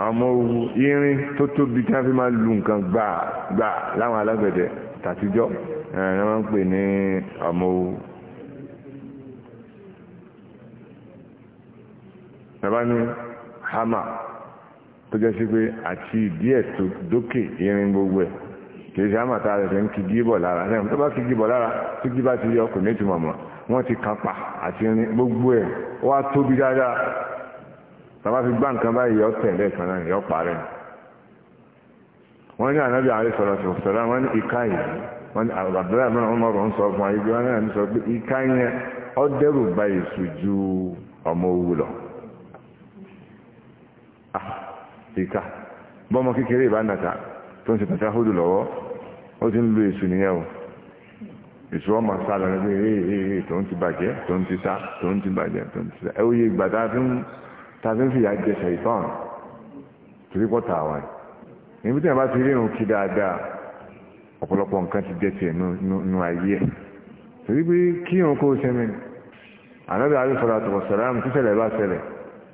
àmọ́ owó irin tó tóbi tí wọ́n fi máa lu nǹkan gbàà gbàà láwọn alágbẹ̀dẹ tàtijọ́ ẹ̀rọ máa ń pè ní ọmọ owó ẹ̀bá ní hama tó jẹ́ sí pé àti ìdí ẹ̀ dókè irin gbogbo ẹ̀ kìí ṣe àmàta rẹ̀ fẹ́ ń kigi bọ̀ lára náà tó bá kigi bọ̀ lára tó kí bá ti yọ kò ní ìtumọ̀ mọ́ wọ́n ti kan pa àti rin gbogbo ẹ̀ wá tóbi dáadáa tàbá fi gbá nǹkan báyìí yọ tẹ̀lé kan náà yọ parẹ́ wọ́n ní ànábì àárẹ̀ sọ̀rọ̀ sọ̀rọ̀ sọ̀rọ̀ wọ́n ní ìka yìí wọ́n ní àbúrò àmọ́ ọmọ rọ̀ ń sọ fún ayé wọn náà ń sọ pé ìka yẹn ọ dẹ́rù ba ju ọmọ owó lọ. Ah, ìka bọ́mọ kékeré ìbá nàta tó ń ṣe tàṣáhùdù lọ́wọ́ ó ti ń lo èṣù nìyẹn o èṣù ọmọ sálọ ní pé ee tó ń ti bàjẹ́ tó ń ti sá tó ń ti bàjẹ́ tó ń ti sá ẹ oye ìgbà tá a fi ń fìyà jẹ ṣàìtàn torí pọ̀ tà wá ni níbi tí bá ti rí irun kí dáadáa ọ̀pọ̀lọpọ̀ nǹkan ti jẹ́ tiẹ̀ nu ayé ẹ̀ torí pé kí irun kó sẹ́mi ànábì àrí sọ̀rọ̀ sọ̀rọ̀ àmì tíṣẹ̀lẹ̀ bá ṣẹlẹ̀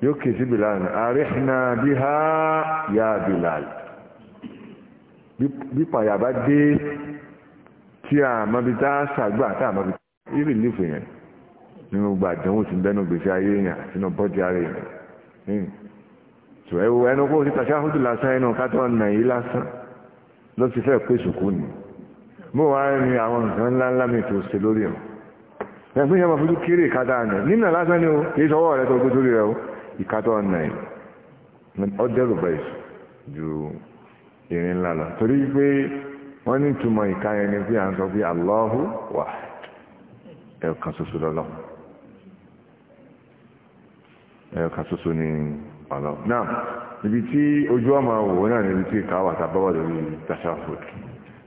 yóò kè sí bìlà àríhìnà bíhá yá bìlà yìí bí pàyà bá dé tí a mọbi tá a ṣàgbà tá a mọbi tí rìlífù yẹn nínú gbà àdánwò tí ń bẹnu gbèsè ayé yẹn àti nínú bọ́dì ara yẹn tó hmm. ẹ wo ẹnu kó o ti tàṣà hudu lásán ẹnu kátó ọ̀nà yìí lásán ló ti fẹ́ pé sùkú ni mo wá ní àwọn nǹkan ńláńlá mi tó ṣe lórí ọ ẹgbẹ́ yẹn máa fojú kéré ìkátá ọ̀nà nínú lásán ni o kì í sọwọ́ rẹ tó gbé sórí rẹ o ìkátó ọ̀nà yìí ọdẹ rò bẹ́ẹ̀ ju ìrìn ńlá torí pé wọ́n ní túmọ̀ ìka yẹn ni ń sọ pé Allahu wà ẹ̀ẹ̀kan ṣoṣo lọ́lọ́ ṣoṣo ni ọ̀lọ́ náà ibi tí ojú ọmọ wò náà níbi tí ìka wà tábọ́wọ̀ lórí tashahud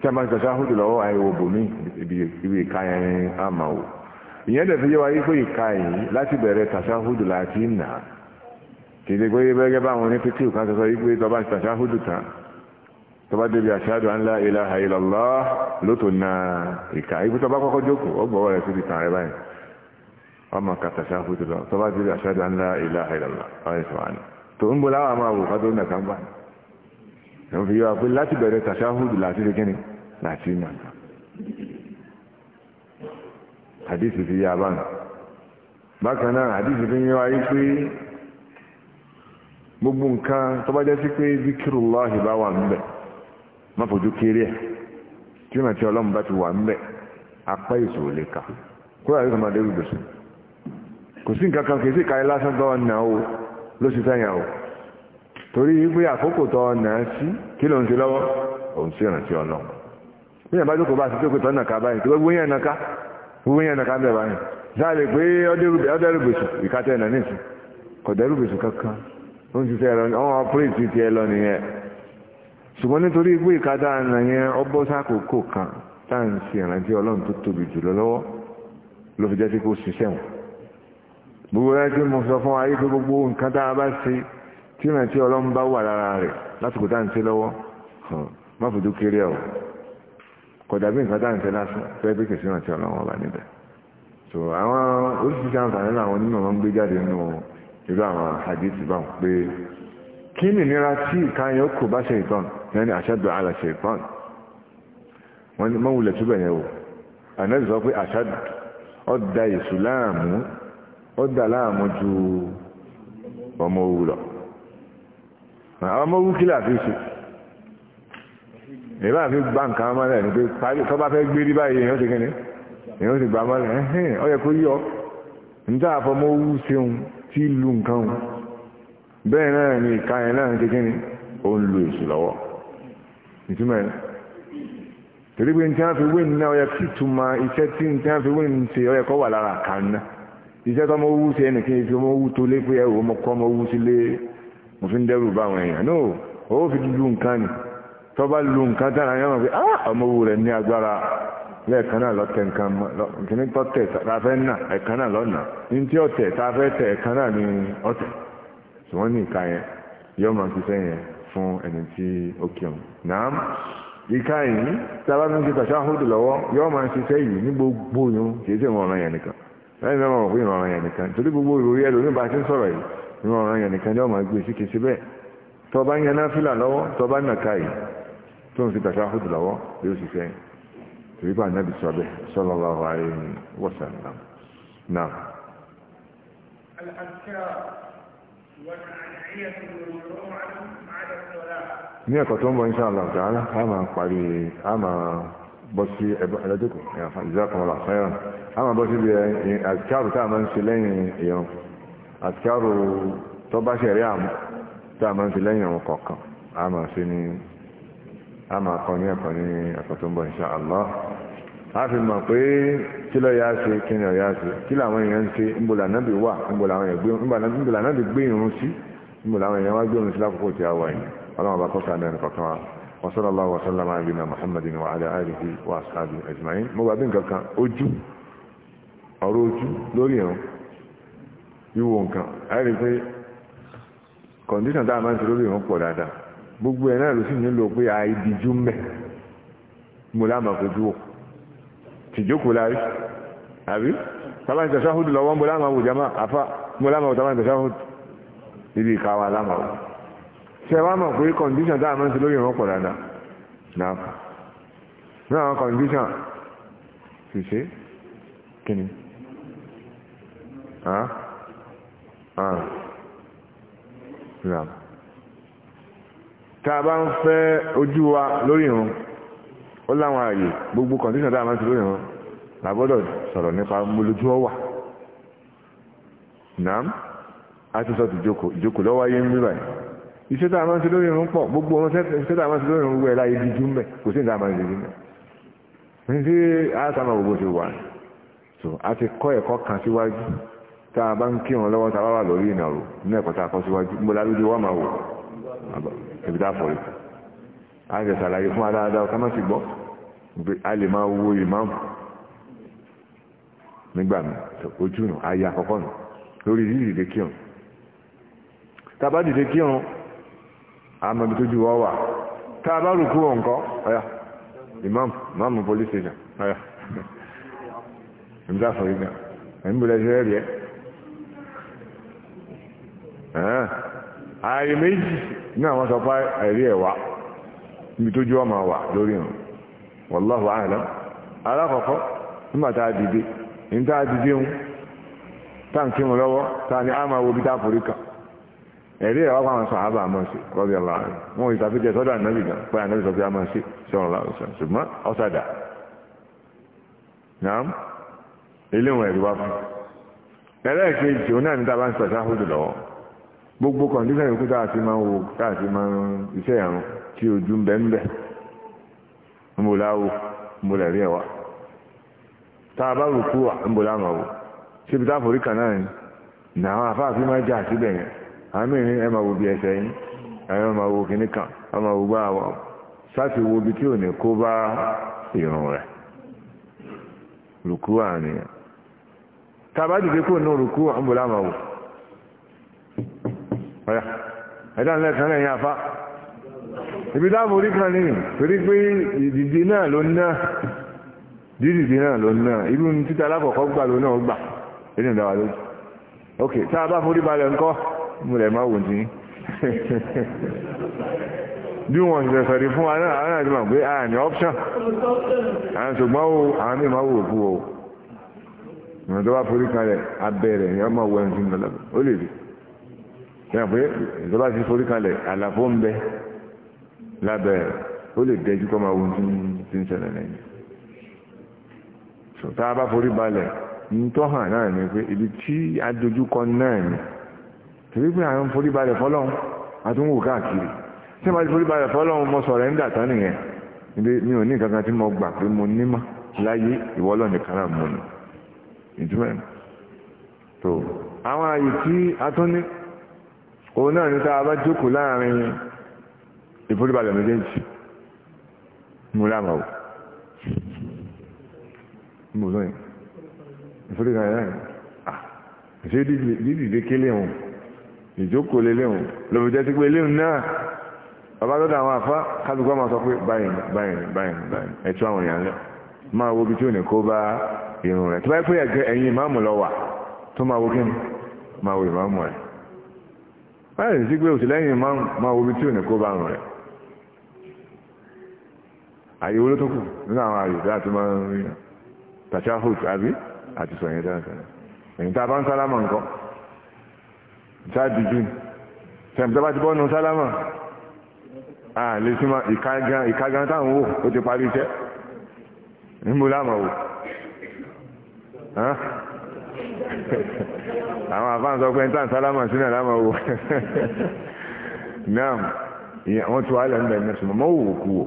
tí a máa lọ́wọ́ àìwò bòmí ibi ìka máa wò ìyẹn dẹ̀ fi pé ìka yìí láti bẹ̀rẹ̀ láti nà tọba débi ashadu an la ilaha illallah lótò na ìka ibi tọba kọ́kọ́ jókòó ó gbọ́wọ́ rẹ̀ sí ti tàn rẹ̀ báyìí ọmọ kàtà ṣáfù tó lọ tọba débi ashadu an la ilaha illallah ọ̀rẹ́ sọ àná tó ń bọ́lá àwọn àwò ká tó ń nàkà ń bà ní fi yọ pé láti bẹ̀rẹ̀ tàṣáhùdù láti rí kíni láti mà àdìsí fi yá báyìí bákan náà àdìsí fi yọ ayé pé gbogbo nǹkan tọ́bajẹ́ sí pé zikirullahi bá wà ń bẹ̀ má fojú kéré ẹ̀ tí wọ́n ti ọlọ́run bá ti wà ń bẹ̀ apá ìṣòro lè kà kó yàrá ìsọmọdé rúdòsùn kò sí nǹkan kan kì í sì káyé lásán tó ọ̀nà o ló sì fẹ́ yàn o torí wípé àkókò tó ọ̀nà sí kí ló ń ṣe lọ́wọ́ òun sí ìrántí ọlọ́run bí yàn bá jókòó bá ti tó pé tó ọ̀nà ká báyìí tó gbogbo yàn nàka gbogbo yàn nàka bẹ̀ báyìí sáà lè pé ọdẹ́rùbèsù ìkátẹ́ ẹ̀nà ṣùgbọ́n nítorí pé ìkádà àná yẹn ọbọ̀ sákòókò kan tá à ń ṣe ìrántí ọlọ́run tó tóbi jù lọ lọ́wọ́ ló fi jẹ́ sí kó ṣiṣẹ́ wọn gbogbo rẹ tí mo sọ fún ayé pé gbogbo nǹkan tá a bá ṣe tí ìrántí ọlọ́run bá wà lára rẹ̀ lásìkò tá ń ṣe lọ́wọ́ má fojú kéré ọ̀ kọjá bí nǹkan tá ń ṣe lásán fẹ́ pé kìsì ìrántí ọlọ́run ọba níbẹ̀ so àwọn oríṣiríṣi àǹfààní làwọn onímọ̀ máa ń gbé jáde nínú irú àwọn àdéhùn báwọn pé kí ni nira tí ìkan yẹn kò bá ṣe ìtàn yẹn ni àṣàdù àlà ṣe ìtàn wọn ni mọ́wulẹ̀ túbẹ̀ yẹn wò ànábì sọ pé àṣàdù ọ̀dà èṣù láàmú ọ̀dà láàmú ju ọmọ òwú lọ àwọn ọmọ òwú kí láàfin ṣe èyí bá fi gbá nǹkan amálẹ̀ ní pé parí fẹ́ gbé rí báyìí èèyàn bẹ́ẹ̀ náà ni ìka yẹn náà kékeré ni ó ń lu èsù lọ́wọ́ ìtumọ̀ ẹ̀ torí pé nǹkan àfi wíìn náà ọ̀yẹ́ kí tuma iṣẹ́ tí nǹkan àfi wíìn ṣe ọ̀yẹ́ kọ́ wà lára kan náà iṣẹ́ tó ọmọ owó ṣe ẹnìkan ìfi ọmọ owó tó lé pé ẹ̀rọ ọmọ kọ́ ọmọ owó sílé mo fi ń dẹ́rù bá àwọn èèyàn náà ó fi lu nǹkan ni tó bá lu nǹkan tára yẹn mọ̀ pé ah, ọmọ owó rẹ̀ ní agbára lẹ́ẹ̀kan náà lọ́tẹ̀ nǹkan kìíní tọ́tẹ̀ tàfẹ́ náà ẹ̀kan náà lọ́nà ní tí ọ̀tẹ̀ tàfẹ́ tẹ̀ ẹ̀kan náà ní ọ̀tẹ̀ tí wọ́n ní ìka yẹn yóò máa ṣiṣẹ́ yẹn fún ẹni tí ó kírun náà ìka yìí tábà ní ti tàṣáhùdù lọ́wọ́ yóò máa ṣiṣẹ́ yìí ní gbogbo yòó kì í sì ìmọ̀ràn yẹn nìkan lẹ́yìn náà wọ́n fún ìmọ̀ràn yẹn nìkan torí gbogbo ìròyìn ẹlòmí bá ti ń sọ̀rọ̀ yìí ìmọ̀ràn yẹn nìkan yóò máa gbé sí kìí sí bẹ́ẹ̀ tọba ń yẹn náà fìlà lọ́wọ́ tọba ń nàka yìí tó ń fi tàṣáhùdù lọ́wọ́ yóò ṣiṣẹ́ yìí torí ní ẹ̀kọ́ tó ń bọ̀ insha Allah ta'ala a máa parí a máa bọ́ sí ẹ̀lẹ́dẹ́kù ìzákọ̀ọ́lá fẹ́ràn a máa bọ́ sí bí àtikáàrù tá a máa ń ṣe lẹ́yìn èèyàn àtikáàrù tó bá ṣẹ̀rí àmú tá máa ń ṣe lẹ́yìn àwọn kọ̀ọ̀kan a máa ṣe ní a máa kọ ní ẹ̀kọ́ ní ẹ̀kọ́ tó ń bọ̀ insha Allah a fi mọ̀ pé kí lọ ya ṣe kí ni ọ̀ya ṣe kí làwọn èèyàn ń ṣe níbo lànàbì wà níbo làwọn èèyàn níbo lànàbì gbé irun sí níbo làwọn èèyàn wá gbé irun sí lákòókò tí a wà yìí ọlọ́run bá kọ́sà náà kọ̀ọ̀kan wa وصلى الله وسلم على نبينا محمد وعلى اله واصحابه اجمعين mo gbà bí nǹkan kan ojú ọ̀rọ̀ ojú lórí ẹ̀rùn ìwò nǹkan àìrí pé kọ̀ndíṣàn dáa máa ń ti lórí ìrún pọ̀ dáadáa gbogbo ẹ̀ náà ló sì nílò pé àìdíjú mẹ́ mo láàmà fojú wò tìjókòó láàrí àbí tàbí tẹ̀sáhùdù lọ́wọ́ ń bọ́ láàmà òjá máa àfá ń bọ́ láàmà òjá tẹ̀sáhùdù ibi ìkàwà láàmà ò ṣe wá mọ̀ pé kọ̀ǹdíṣàn tá a máa ń ti lórí ìran pọ̀ dáadáa náà ní àwọn kọ̀ǹdíṣàn sì ṣe kíni tá a bá ń fẹ́ ojú wa lórí ìran ó láwọn àyè gbogbo kọ̀ǹtíṣàn tá a máa ń ti lóyún làbọ́dọ̀ sọ̀rọ̀ nípa mólójú ọ̀wà nàám a ti sọ ti ìjókòó ìjókòó lọ́wọ́ ayé ń bí báyìí iṣẹ́ tá a máa ń ti lórí irun pọ̀ gbogbo ohun iṣẹ́ tá a máa ń ti lórí irun wẹ̀ láyé díjú mẹ́ kò sí ìdá máa ń díjú mẹ́ ní sí àásàmà gbogbo ti wà so a ti kọ́ ẹ̀kọ́ kan síwájú tá a bá ń kírun lọ́wọ́ tá a bá wà lórí ìnàró ní ẹ̀kọ́ tá a kọ́ síwájú mo lálójú wọ́n a lè máa wo ìmáàmù nígbà mi ojú nù ayé àkọ́kọ́ nù lórí dídìde kírun tàbá dìde kírun àmọ́bi tójú wọ́ wà tàbá rùkú ọ̀nkọ́ ọ̀yà ìmáàmù ìmáàmù police station ọ̀yà ìmúdá sọ yìí ẹ̀yìn bọ̀lẹ̀ ṣe rẹ̀ ẹ̀ ààyè méjì ní àwọn sọpá ẹ̀rí ẹ̀wà níbi tójú ọmọ wà lórí ọ̀run wallahu a'lam alákọ̀ọ́kọ́ nígbà tá a dìde ní tá a dìde a ní wo a forí ẹ̀rí ẹ̀wá fún àwọn àmọ́ sí ọ̀la rẹ̀ wọn ò sọ́dọ̀ ànábì gan pé ànábì sọ pé sọ̀rọ̀ ọ̀la ṣùgbọ́n ọ̀sàdà nàám ẹ̀rí wá fún ẹlẹ́ẹ̀kejì níbo láwo níbo lẹ̀rí a bá rò kú níbo láwọn na a forí kan àwọn afáàfin máa jà síbẹ̀ yẹn àwọn mìíràn ẹ̀ kan ẹ̀ máa gbá àwọn sáti wo bí tí ò ní kó bá ìrùn rẹ̀ rùkú àníyàn tá bá dìde kó nù rùkú ibi dáàbò orí kan nìyí torí pé ìdìde náà ló ná dídìde náà ló ná irú títa alákọ̀ọ́kọ́ gbà ló náà gbà nínú ìdáwà lójú ok tá a bá forí balẹ̀ ńkọ́ mo lẹ̀ máa wò ní bí wọ́n ṣe sọ̀rí fún wa náà àwọn àti màá pé a ní option àwọn ṣùgbọ́n o àwọn mi máa wò kú o ìrìn tó bá forí kalẹ̀ abẹ́rẹ̀ ni wọ́n máa wọ ẹni tí ń lọ lábẹ́ ó lè rí ìrìn pé ti forí kalẹ̀ àlàfo ń bẹ lábẹ́ rẹ̀ ó lè dẹjú kọ́ máa wo tí ń ṣẹlẹ̀ lẹ́yìn tá a bá forí balẹ̀ ní tó hàn náà ni pé ibi tí a dojúkọ náà ni torí pé àwọn forí balẹ̀ fọ́lọ́hun àtúnwò káàkiri tí a bá ti forí balẹ̀ fọ́lọ́hun mo sọ̀rọ̀ ẹ̀ ń dàtà nìyẹn ibi mi ò ní nǹkan tí mo gbà pé mo nímọ̀ láyé ìwọ́lọ́ nìkan náà mo nù ìtumọ̀ ẹ̀ tó àwọn àyè tí a tún ní òun náà ni tá a bá jókòó láàrin ìforíbalẹ̀ méjèèjì mo láàmà o mo sọ yìí ìforíbalẹ̀ náà à ah, ṣé dídìde kélé wọn ìjókòó lélẹ̀ wọn lọ́bù jẹ́ sí pé lé náà bàbá lọ́dọ̀ àwọn àfá kálukọ́ máa sọ pé báyìí báyìí báyìí báyìí ẹ̀tọ́ àwọn èèyàn lẹ̀ máa wo bí tí ò ní kó bá irun rẹ̀ tí báyìí pé ẹ̀yìn ìmáàmù lọ wà tó máa wo kí ni máa wo ìmáàmù rẹ̀ báyìí sí pé òsì lẹ́yìn ìmáàmù máa wo bí tí ò ní kó bá irun rẹ̀ àyè owó tó kù nínú àwọn àyè tí a ti máa ń rí tashahud àbí àti sọ̀rọ̀ dáadáa ẹ̀yìn tá a bá ń sálámà nǹkan ṣáà dìjú tẹ̀m̀tẹ́ bá ti bọ́ nu sálámà à lè súnmọ́ ìkágan táwọn wò ó ti parí iṣẹ́ níbo láàmà wò àwọn àfáàn sọ pé ń tàn sálámà sínú àlámà wò náà wọ́n tún wà lẹ́nu bẹ̀rẹ̀ mẹ́sùmọ́ mọ́ wò kú wò.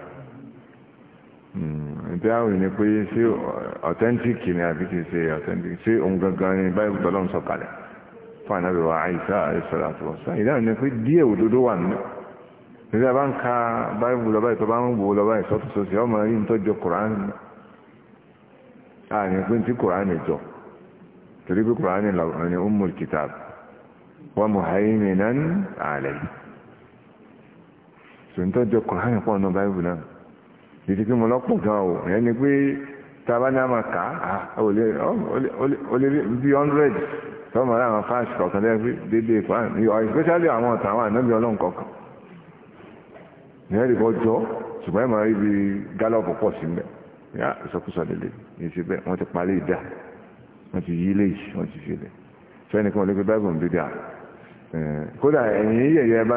Hmm. ǹtí àwọn ènìyàn pé ṣé authentic ni àbí kìí ṣe authentic ṣé òun gangan ni báyìí tọ́lọ́ ń sọ kalẹ̀ fún ànábì wa àìsà àìsàrà àtúwọ̀sá ìdáhùn ni pé díẹ̀ òdodo wà nínú nígbà bá ń ka báyìí lọ́ba ìtọ́ bá ń wò lọ́ba ìsọ́túnṣọ́sì ọmọ yìí ń tọ́jú kùránì àní pé tí kùránì jọ torí pé kùránì lọ́wọ́ ni ummul kitab wa muhaiminan alayhi sòǹtọ́jọ kùránì pọ̀ kì í ti pé mo lọ́pọ̀ gan o ìyẹn ni pé tabanama ká ó lé bí hundred tọ́mọ rẹ̀ àwọn fáṣ kọ̀ọ̀kan lẹ́gbẹ́ dédé fáṣ especially àwọn ọ̀tàn àwọn ànábì ọlọ́run kọ̀ọ̀kan ìyẹn lè kọ́ jọ ṣùgbọ́n ìmọ̀ rí bí gálọ́ọ̀pù pọ̀ sí mbẹ́ yá ìsọkúsọ lè lè ní ti bẹ́ẹ̀ wọ́n ti parí ìdá wọ́n ti yí ilé yìí wọ́n ti fi lẹ̀ sẹ́ni kan lè fi báìbù ń bí dà kódà ẹ̀yìn yẹ̀yẹ́ bá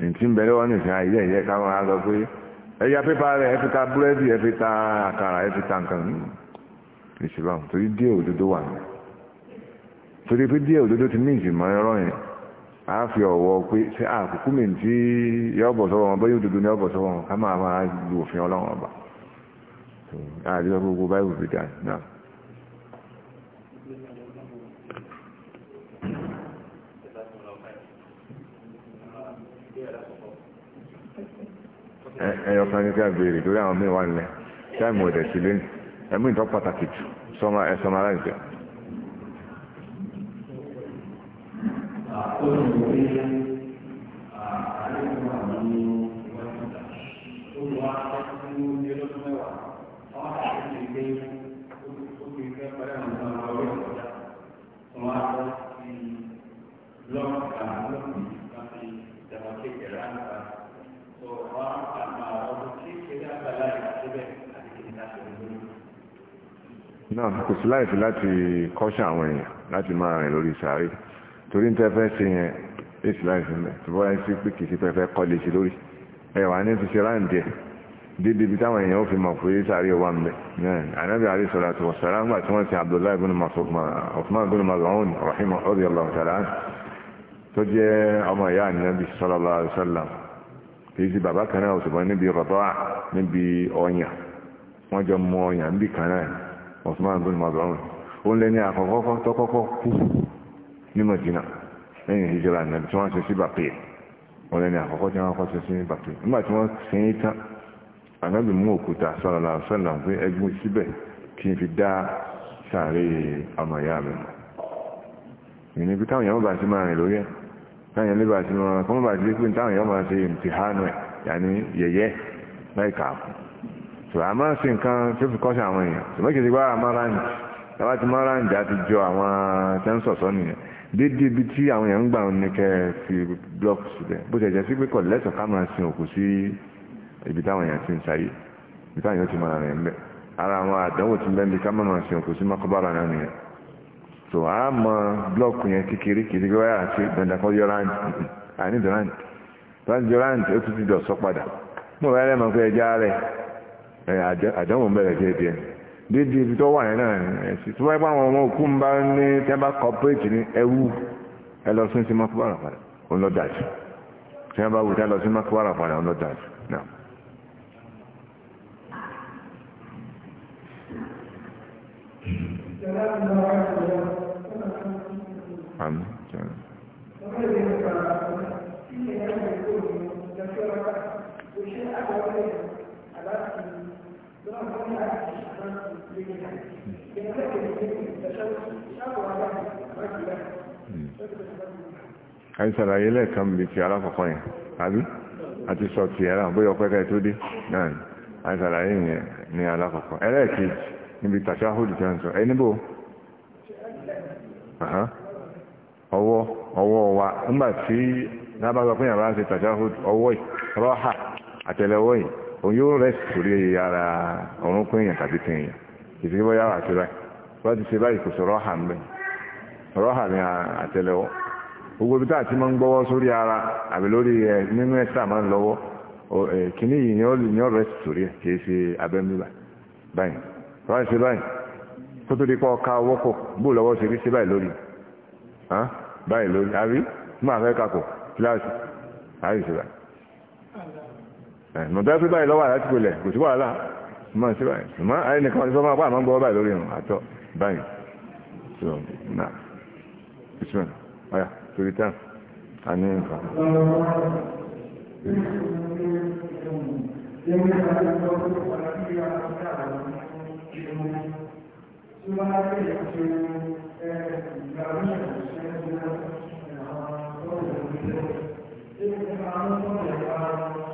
ń tí ń bẹ̀rẹ̀ wọ́n nìkan ayẹyẹ káwọn á lọ pé ẹ̀yà pépà rẹ̀ ẹ fi ta búrẹ́dì ẹ fi ta àkàrà ẹ fi ta nǹkan ìṣìlọ́m torí díẹ̀ òdodo wà ní torí pé díẹ̀ òdodo ti ní ìjìmọ̀ ẹ̀rọ yẹn a fi ọ̀wọ́ pé ṣé àkókò mi tí yọ bọ̀ sọ́wọ́ wọn bóyá òdodo ni yọ sọ́wọ́ wọn ká máa máa lu òfin ọlọ́run ọba àdéhùn gbogbo báyìí òbí dáa náà. ẹyọ kan ní ká béèrè torí àwọn míì wà nílẹ̀ táìmù ọ̀dẹ̀ sí lẹ́nu ẹ̀mí ìtọ́ pàtàkì jù sọmọ ẹ̀sọmọ aláìsẹ̀. náà kò sí láìsí láti kọ́ṣẹ́ àwọn èèyàn láti máa rìn lórí sàárè torí ń tẹ́fẹ́ sí yẹn èsì láìsí mẹ́ tó bọ́ sí pé kìí sí pẹ́fẹ́ kọ́lé sí lórí ẹ̀wà ní fi ṣe ráǹdì ẹ̀ dídí ibi táwọn èèyàn ó fi mọ̀ pé sàárè wà ń bẹ̀ ànábì àrí sọ̀rọ̀ àti wọ̀sàrà ńgbà tí wọ́n ti Abdullahi bin Uthman bin Maz'un rahimah radiyallahu ta'ala tó jẹ́ ọmọ ìyá ànábì sallallahu alaihi wasallam kìí Osman bin Maz'un òun lẹ́ni àkọ́kọ́ tọ́kọ́kọ́ kú ní Madina lẹ́yìn hijira nàbí tí wọ́n ṣe sí bàpẹ́ òun lẹ́ni àkọ́kọ́ tí wọ́n kọ́ ṣe sí bàpẹ́ nígbà tí wọ́n sin ín tán ànábì mú òkúta sọ̀rọ̀ àṣọ́nà pé ẹgbẹ́ síbẹ̀ kí n fi dá sàárè ọmọ ìyá mi mọ̀ ìní pé táwọn èèyàn bá ti máa rìn lórí ẹ̀ táwọn èèyàn bá ti máa kọ́mọ́ bá ti pé táwọn èèyàn máa ṣe ìmùtìhánú ẹ̀ yàní yẹ̀yẹ́ láìka àkùn tó a máa ń sin nǹkan tó fi kọ́sí àwọn èèyàn tó mẹ́kì ti gbá amáranjì tàbá ti máranjì àti jọ àwọn tẹ́ńsọ̀sọ́ nìyẹn dédé ibi tí àwọn èèyàn ń gbà ní kẹ́ fi blọọkù síbẹ̀ bó ṣe jẹ́ sí pé kò lẹ́tọ̀ọ́ ká máa sin òkú sí ibi táwọn èèyàn ti ń sáyé ibi táwọn èèyàn ti máa rìn bẹ́ẹ̀ ara àwọn àdánwò ti bẹ́ẹ̀ bí ká máa sin òkú sí mọ́kọ́bára náà nìyẹn tó a mọ blọọkù yẹn kékeré kì í ti gbé wáyà àti dandakọ́ yọrantì àní dọ̀rantì dọ̀rantì ó tún ti dọ̀ sọ padà mo rẹ́ lẹ́mọ̀ pé ẹja rẹ̀ àdánwò bẹ̀rẹ̀ díẹ̀ díẹ̀ dídí ibi tó wà yẹn náà ni ẹ̀sì tó wáyé pàwọn ọmọ òkú ń bá ní tẹ́bá corporate ní ẹwú ẹ lọ sí sí mọ́kúbára padà ó lọ dájú tí wọ́n bá wù tá lọ sí Amen. Hmm. àyè sàlàyé lẹ́ẹ̀kan bíi ti alákọ̀ọ́kọ́ yẹn àbí àti sọ ti ẹ̀rà bóyá ọpẹ́ ká tó dé náà ni àyè sàlàyé yẹn ní alákọ̀ọ́kọ́ ẹlẹ́ẹ̀kejì níbi tàṣáhùdù tí wọ́n sọ ẹni bò ọwọ́ ọwọ́ wa nígbà tí lábàgbà pé yàrá ń ṣe tàṣáhùdù ọwọ́ yìí rọ́hà àtẹlẹwọ́ yìí òun yóò rẹ̀ ara orúnkún èèyàn tàbí kan èèyàn ìfi wà sí báyìí ti ṣe báyìí kò sọ̀rọ̀ hà ń bẹ̀ sọ̀rọ̀ gbogbo ibi tá àti máa ń gbọ́wọ́ sórí ara àbí lórí ẹ eh, nínú ma máa ń lọ́wọ́ eh, kìíní yìí ni ó rẹ̀ sórí ẹ̀ kìí ṣe abẹ́mí báyìí wọ́n ṣe báyìí kó tó di pọ́ ká owó bó lọ́wọ́ ṣe rí báyìí lórí báyìí lórí àbí mọ̀tọ́ pé báyìí lọ́wọ́ àláti pẹ̀lẹ̀ kò sí wàhálà mọ̀ sí báyìí ṣùgbọ́n ayé nìkan ọ̀sán máa pàmò gbọ́ báyìí lórí ìrùn àtọ́ báyìí so na Usman ọ̀yà torí tán a ní Thank you.